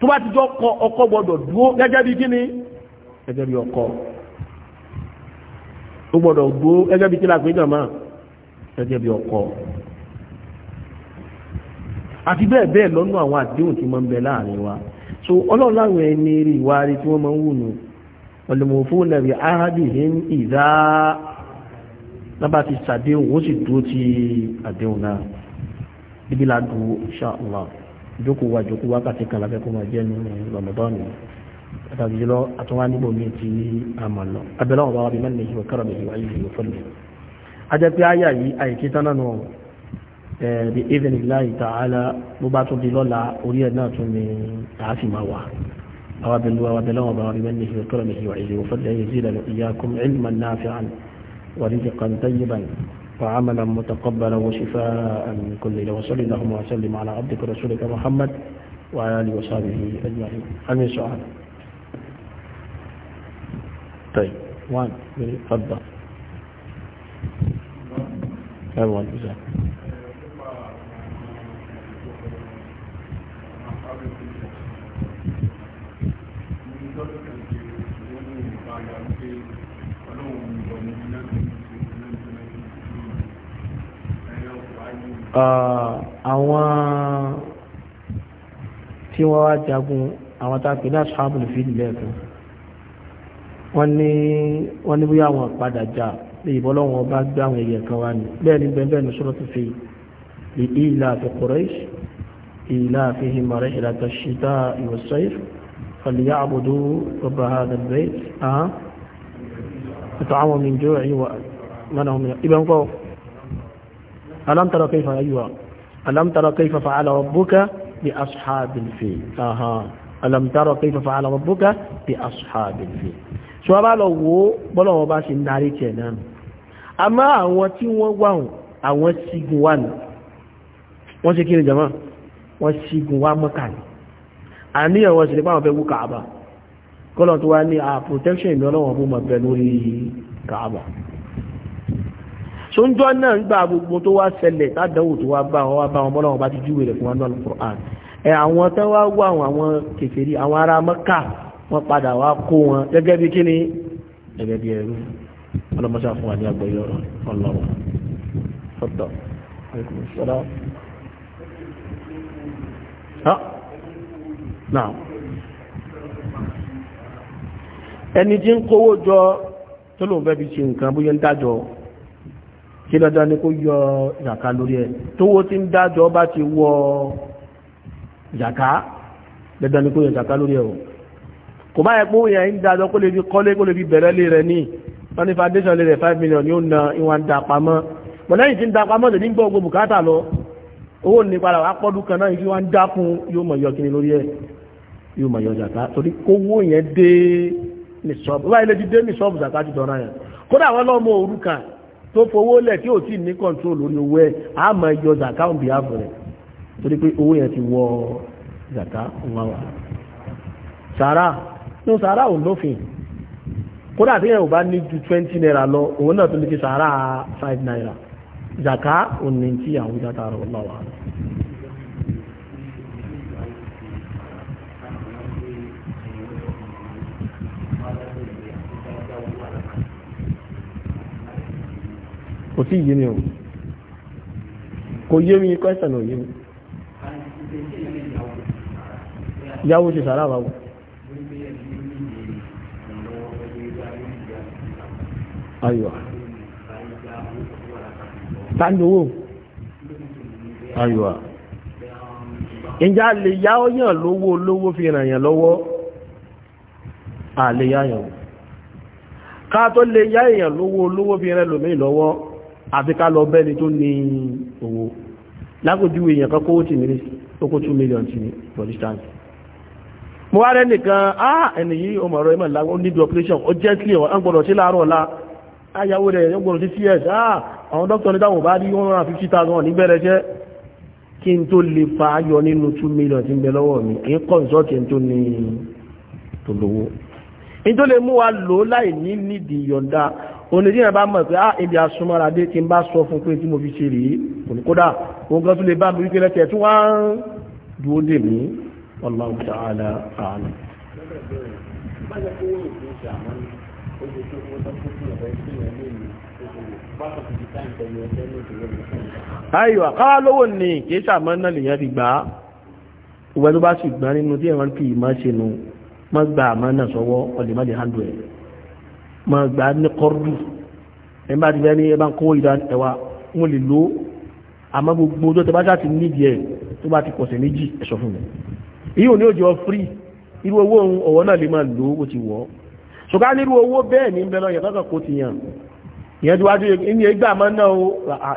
tó bá ti jọ kọ ọkọ gbọ́dọ̀ dúró gẹ́gẹ́ bí kíni gẹ́gẹ́ bí ọkọ ó gbọ́dọ̀ dúró gẹ́gẹ́ bí gẹ́gẹ́ bí ọkọ àti bẹ́ẹ̀ bẹ́ẹ̀ lọ́nà àwọn àdéhùn tí máa ń bẹ láàrin wa so ọlọ́run láwọn ẹni rí ìwà rí tí wọ́n máa ń wù nù ọ̀lẹ́mọ̀fóònù ẹ̀rí ahadihim ìdá lábá ti sàdéhùn ó sì dúró ti àdéhùn náà ibi ládùú ṣáàlá ìjókòó wa ìjókòó wákàtí kan lábẹ́ kó máa jẹ́ ní rọmọdọ́ọ̀nù àtàbí lọ àtúnwá níbòmí tí a mọ̀ lọ bá wà bí mẹ́rin ní ìwọ̀n kárọ̀ mi ìwà yìí ìwọ̀n fọ́lẹ̀ ajẹ́ pé àyà yìí àìkí tánà nù bi idhnillahi ta'ala bó bá tún di lọ́la orí ẹ̀ náà tún ni tààfì máa wà àwọn abẹ́lú àwọn abẹ́lú àwọn bàbá rẹ̀ nìyí kọ́rọ̀ nìyí wà ìlú fọ́lẹ̀ yìí sí lẹ́nu iyyakum ilman nafi'an wa rizqan tayyiban وعملا متقبلا وشفاء من كل وصلى اللهم وسلم على عبدك ورسولك محمد وعلى اله وصحبه اجمعين امين سؤال طيب وان تفضل ẹwọ̀n ìjà uh, àwọn tí wọ́n wá jagun àwọn tá a pè ní aṣáàbùlù fídílẹ̀ kan wọ́n ní wọ́n ní bóyá àwọn padà jà pé ìbọ́lọ́wọ́n bá gbé àwọn èèyàn kan wá ní bẹ́ẹ̀ ni bẹ́ẹ̀ ní sọ́rọ́ ti fi ìlà fi Quraysh ìlà fi himarẹ́ ìlà tó ṣìtá ìwọ̀sáìf fàlìyà àbùdó ọba àdàbẹ́ àá ètò àwọn mi jọ ẹ̀yìn wa mọ́nà ọmọ ibẹ̀ ń kọ́ alam tara kayfa ayuwa alam tara kayfa fa'ala rabbuka bi ashabil fil aha alam tara kayfa fa'ala lọ wo bọ́lọ̀wọ́ bá ṣe ń darí tẹ̀ náà àmọ́ àwọn tí wọ́n wà hùn àwọn sígun wà ní wọ́n ṣe kí ni jama wọ́n sígun wà mọ́kà ní àníyàn wọ́n sì pàwọn fẹ́ wú kàábà kọ́lọ̀ tó wá ní à ah, protection ìmì ọlọ́wọ̀n fún mọ̀ pẹ̀lú orí kàábà sóńjọ́ náà ń gba gbogbo tó wá ṣẹlẹ̀ tádánwò tó wá bá wọn wá bá wọn bọ́lọ́wọ́n bá ti júwèé rẹ̀ fún wọn náà Qur'an ẹ àwọn tó wá wà àwọn kèfèrí àwọn ará mọ́kà wọ́n padà wá kó wọn gẹ́gẹ́ bí kíni gẹ́gẹ́ bí ẹrú ọlọ́mọṣá fún wa ní àgbọ̀ yìí ọ̀rọ̀ ọlọ́run fọ́tọ̀ alaikum salaam. náà ẹni tí ń kówó jọ tó lóun fẹ́ fi ṣe nǹkan bóyá ń dájọ́ kí lọ́dọ̀ ni kó yọ ìyàká lórí ẹ̀ tówó tí ń dájọ́ bá ti wọ ìyàká dandan ni kó yọ ìyàká lórí ẹ̀ o kò bá yẹ pé òun yẹn ń dájọ́ kó lè fi kọ́lé kó lè fi bẹ̀rẹ̀ lé rẹ̀ ní wọ́n ní foundation lè rẹ̀ five million ni ó na ìwọ̀n da pamọ́ mọ̀ lẹ́yìn tí ń da pamọ́ lè ní gbọ́ gbogbo bùkátà lọ owó ní padà wà pọ́dún kan náà ìfí wọ́n ń dákun yóò mọ̀ yọ kíni lórí ẹ̀ yóò mọ̀ yọ zàká torí kówó yẹn dé ní sọ́ọ̀bù wáyé lè ti dé ní sọ́ọ̀bù zàká ti dọ̀ra yẹn kódà wọ́n lọ́mọ òrùka tó fowó lẹ̀ tí ò tí ní control lórí owó ẹ̀ á mọ̀ yọ zàká òun bìí àbọ̀ rẹ̀ torí pé owó yẹn ti wọ zàká òun wá kódà tí yẹn ò bá ní ju twenty naira lọ òun náà tó ní kí sàárà five naira zaka òní tí àwọn ìjàta rẹ̀ lọ́wọ́ wa. kò tí yé mi o kò yé mi kọ́sítọ̀nù yé mi yàwó ṣe sàárà báwo. ayọ̀ tánúwò ayọ̀ ìjà lè yá ọyàn lówó lówó fi ràn yàn lọ́wọ́ àlè yáyàn ká tó lè yá èèyàn lówó lówó fi ràn lòmí lọ́wọ́ àfi ká lọ bẹ́ni tó ní owó lákòjú èèyàn kan kówó tì mí ókó 2 million tì mí for distance mo wá rẹ́ nìkan ah ẹni yìí ọmọ ọ̀rọ̀ ẹmọ̀ láwọn onídìí operation ó jẹ́ sílẹ̀ ọ̀gbọ̀dọ̀ sí láàárọ̀ ọ̀la ayàwó rẹ̀ yọ́gbọ̀n sí cs ah àwọn dókítà ní táwọn bá rí one hundred and fifty thousand níbẹ̀rẹ̀ iṣẹ́ kí n tó lè fa ayọ̀ nínú two million tí ń bẹ lọ́wọ́ mi kì í consult n tó ní tó lówó n tó lè mú wa lò ó láì ní nídìí yọ̀ǹda onídìyàn bá mọ̀ pé ah ibi asúnmọ́ra dé tí n bá sọ fún pé tí mo fi ṣe rèé kò ní kódà òun gan tó lè bá mi wípé lẹ́tẹ̀ẹ́ tí wọ́n á dúró dè mí Wallahu ta'ala a'lam ó ṣe tó owó tó kó fún ọ̀rẹ́ sí ìyẹn lónìí ayiwa káwá lówó ní kéṣà mọ́ náà lèyàn ti gbà á ìwẹ́ tó bá sì gbà nínú tí ẹ̀wọ̀n fi ìmọ̀ ṣe nu mọ́ gbà àmọ́ náà sọ́wọ́ ọ̀lẹ́mọ́lẹ́ handle ẹ̀ mọ́ gbà ní kọ́rùdù ẹ̀ bá ti fẹ́ ní ẹbá kó ẹwà wọ́n lè lò àmọ́ gbogbo tó bá ti nídìí ẹ̀ tó bá ti pọ̀sẹ̀ méjì ẹ̀ṣọ́ fún mi ìyóò ní òjò free irú owó ọ̀wọ́ náà lè máa lò ó ti wọ̀ ọ́ ṣùgbọ́n nírú owó bẹ́ẹ̀ ní bẹ́ẹ̀ lọ́yẹ̀ lọ́kàn kó ti yàn ìyẹn tí wájú ní ìgbà àmọ́ náà o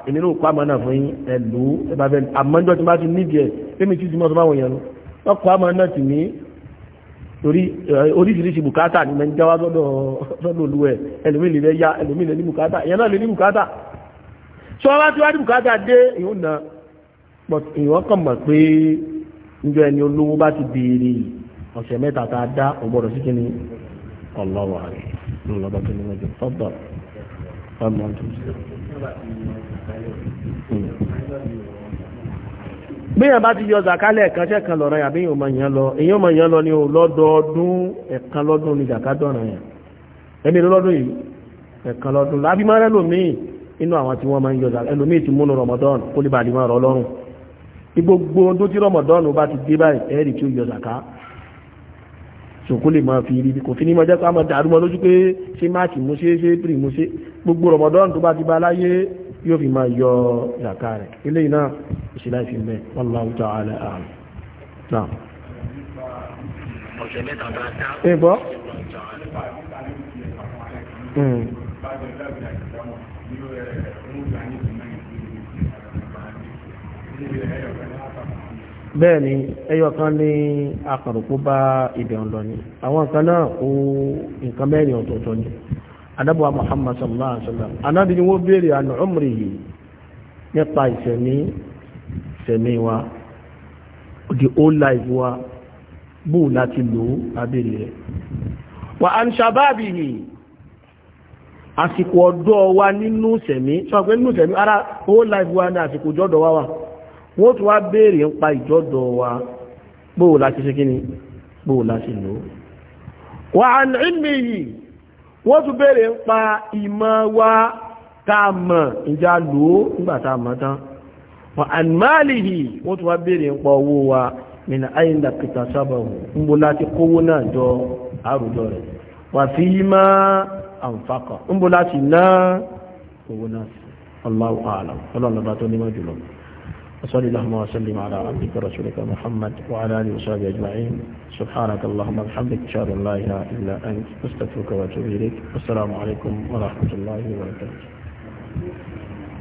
èmi náà kó àmọ́ náà fún yín ẹ̀lú ẹ̀bá bẹ́ẹ̀ àmọ́jọ́ tí bá ti níbi ẹ̀ fẹ́mi tí tìmọ̀ tó bá wọ̀nyẹn lọ kó àmọ́ náà tì oríṣiríṣi bùkátà ni mo ń jáwá lọ́dọ̀ olú ẹ̀ ẹlòmíì lè ya ẹlòmíì lè ní bùkátà ìyẹn náà lè ní bùkátà tí wọ́n bá ti wá ní bùkátà dé ìhùn Allahu a'lam ní ọlọ́ba tó ní wájú tọ́bà ọmọ tó ń sọ. bíyàn bá ti yọ zakalẹ̀ kan ṣẹ́ kan lọ́rọ̀ yàn bíyàn ọmọ yàn lọ èyàn ọmọ yàn lọ ní o lọ́dọọdún ẹ̀kan lọ́dún ní zakadọ̀ràn yàn ẹ̀mí lọ́dún yìí ẹ̀kan lọ́dún lábí máa rẹ́lòmíì inú àwọn tí wọ́n máa ń yọ zakalẹ̀ ẹlòmíì ti múnú Ramadan kó lè bàdí máa rọ ọlọ́run gbogbo ọdún tí Ramadan bá ti dé báyìí ẹ̀rì tí ó yọ zakalẹ̀ sòkó lè máa fi rí kò fi ní máa jẹ́ pé a máa dàrú mọ́ lójú pé ṣé máàkì mo ṣe ṣé pírì mo ṣe gbogbo rọmọdọ́n tó bá ti bá láyé yóò fi máa yọ ìyàká rẹ̀ eléyìí náà ìṣẹ̀lá ìfihàn bẹ́ẹ̀ wallahu ta'ala bẹ́ẹ̀ ni ẹyọ ní akàrùkú bá ibẹ̀ ń ni àwọn náà nǹkan mẹ́rin ọ̀tọ̀ọ̀tọ̀ ni anábọ̀ Muhammad sallallahu alaihi wa sallam wa life wa wa nínú semi, sọ nínú semi ara whole life wa ní àsìkò wa wọ́n tún wá béèrè ń pa ìjọ́dọ̀ wa bóò láti ṣe kíni bóò láti lò wà ní ilmi yìí wọ́n tún ń wa táàmọ̀ ìjà lò ó nígbà wà ní máàlì yìí wọ́n tún wá ń pa owó wa min ayin da kita sabahu bó láti kówó náà jọ na وصل اللهم وسلم على عبدك ورسولك محمد وعلى آله وصحبه أجمعين سبحانك اللهم وبحمدك أشهد أن لا إله إلا أنت أستغفرك وأتوب إليك والسلام عليكم ورحمة الله وبركاته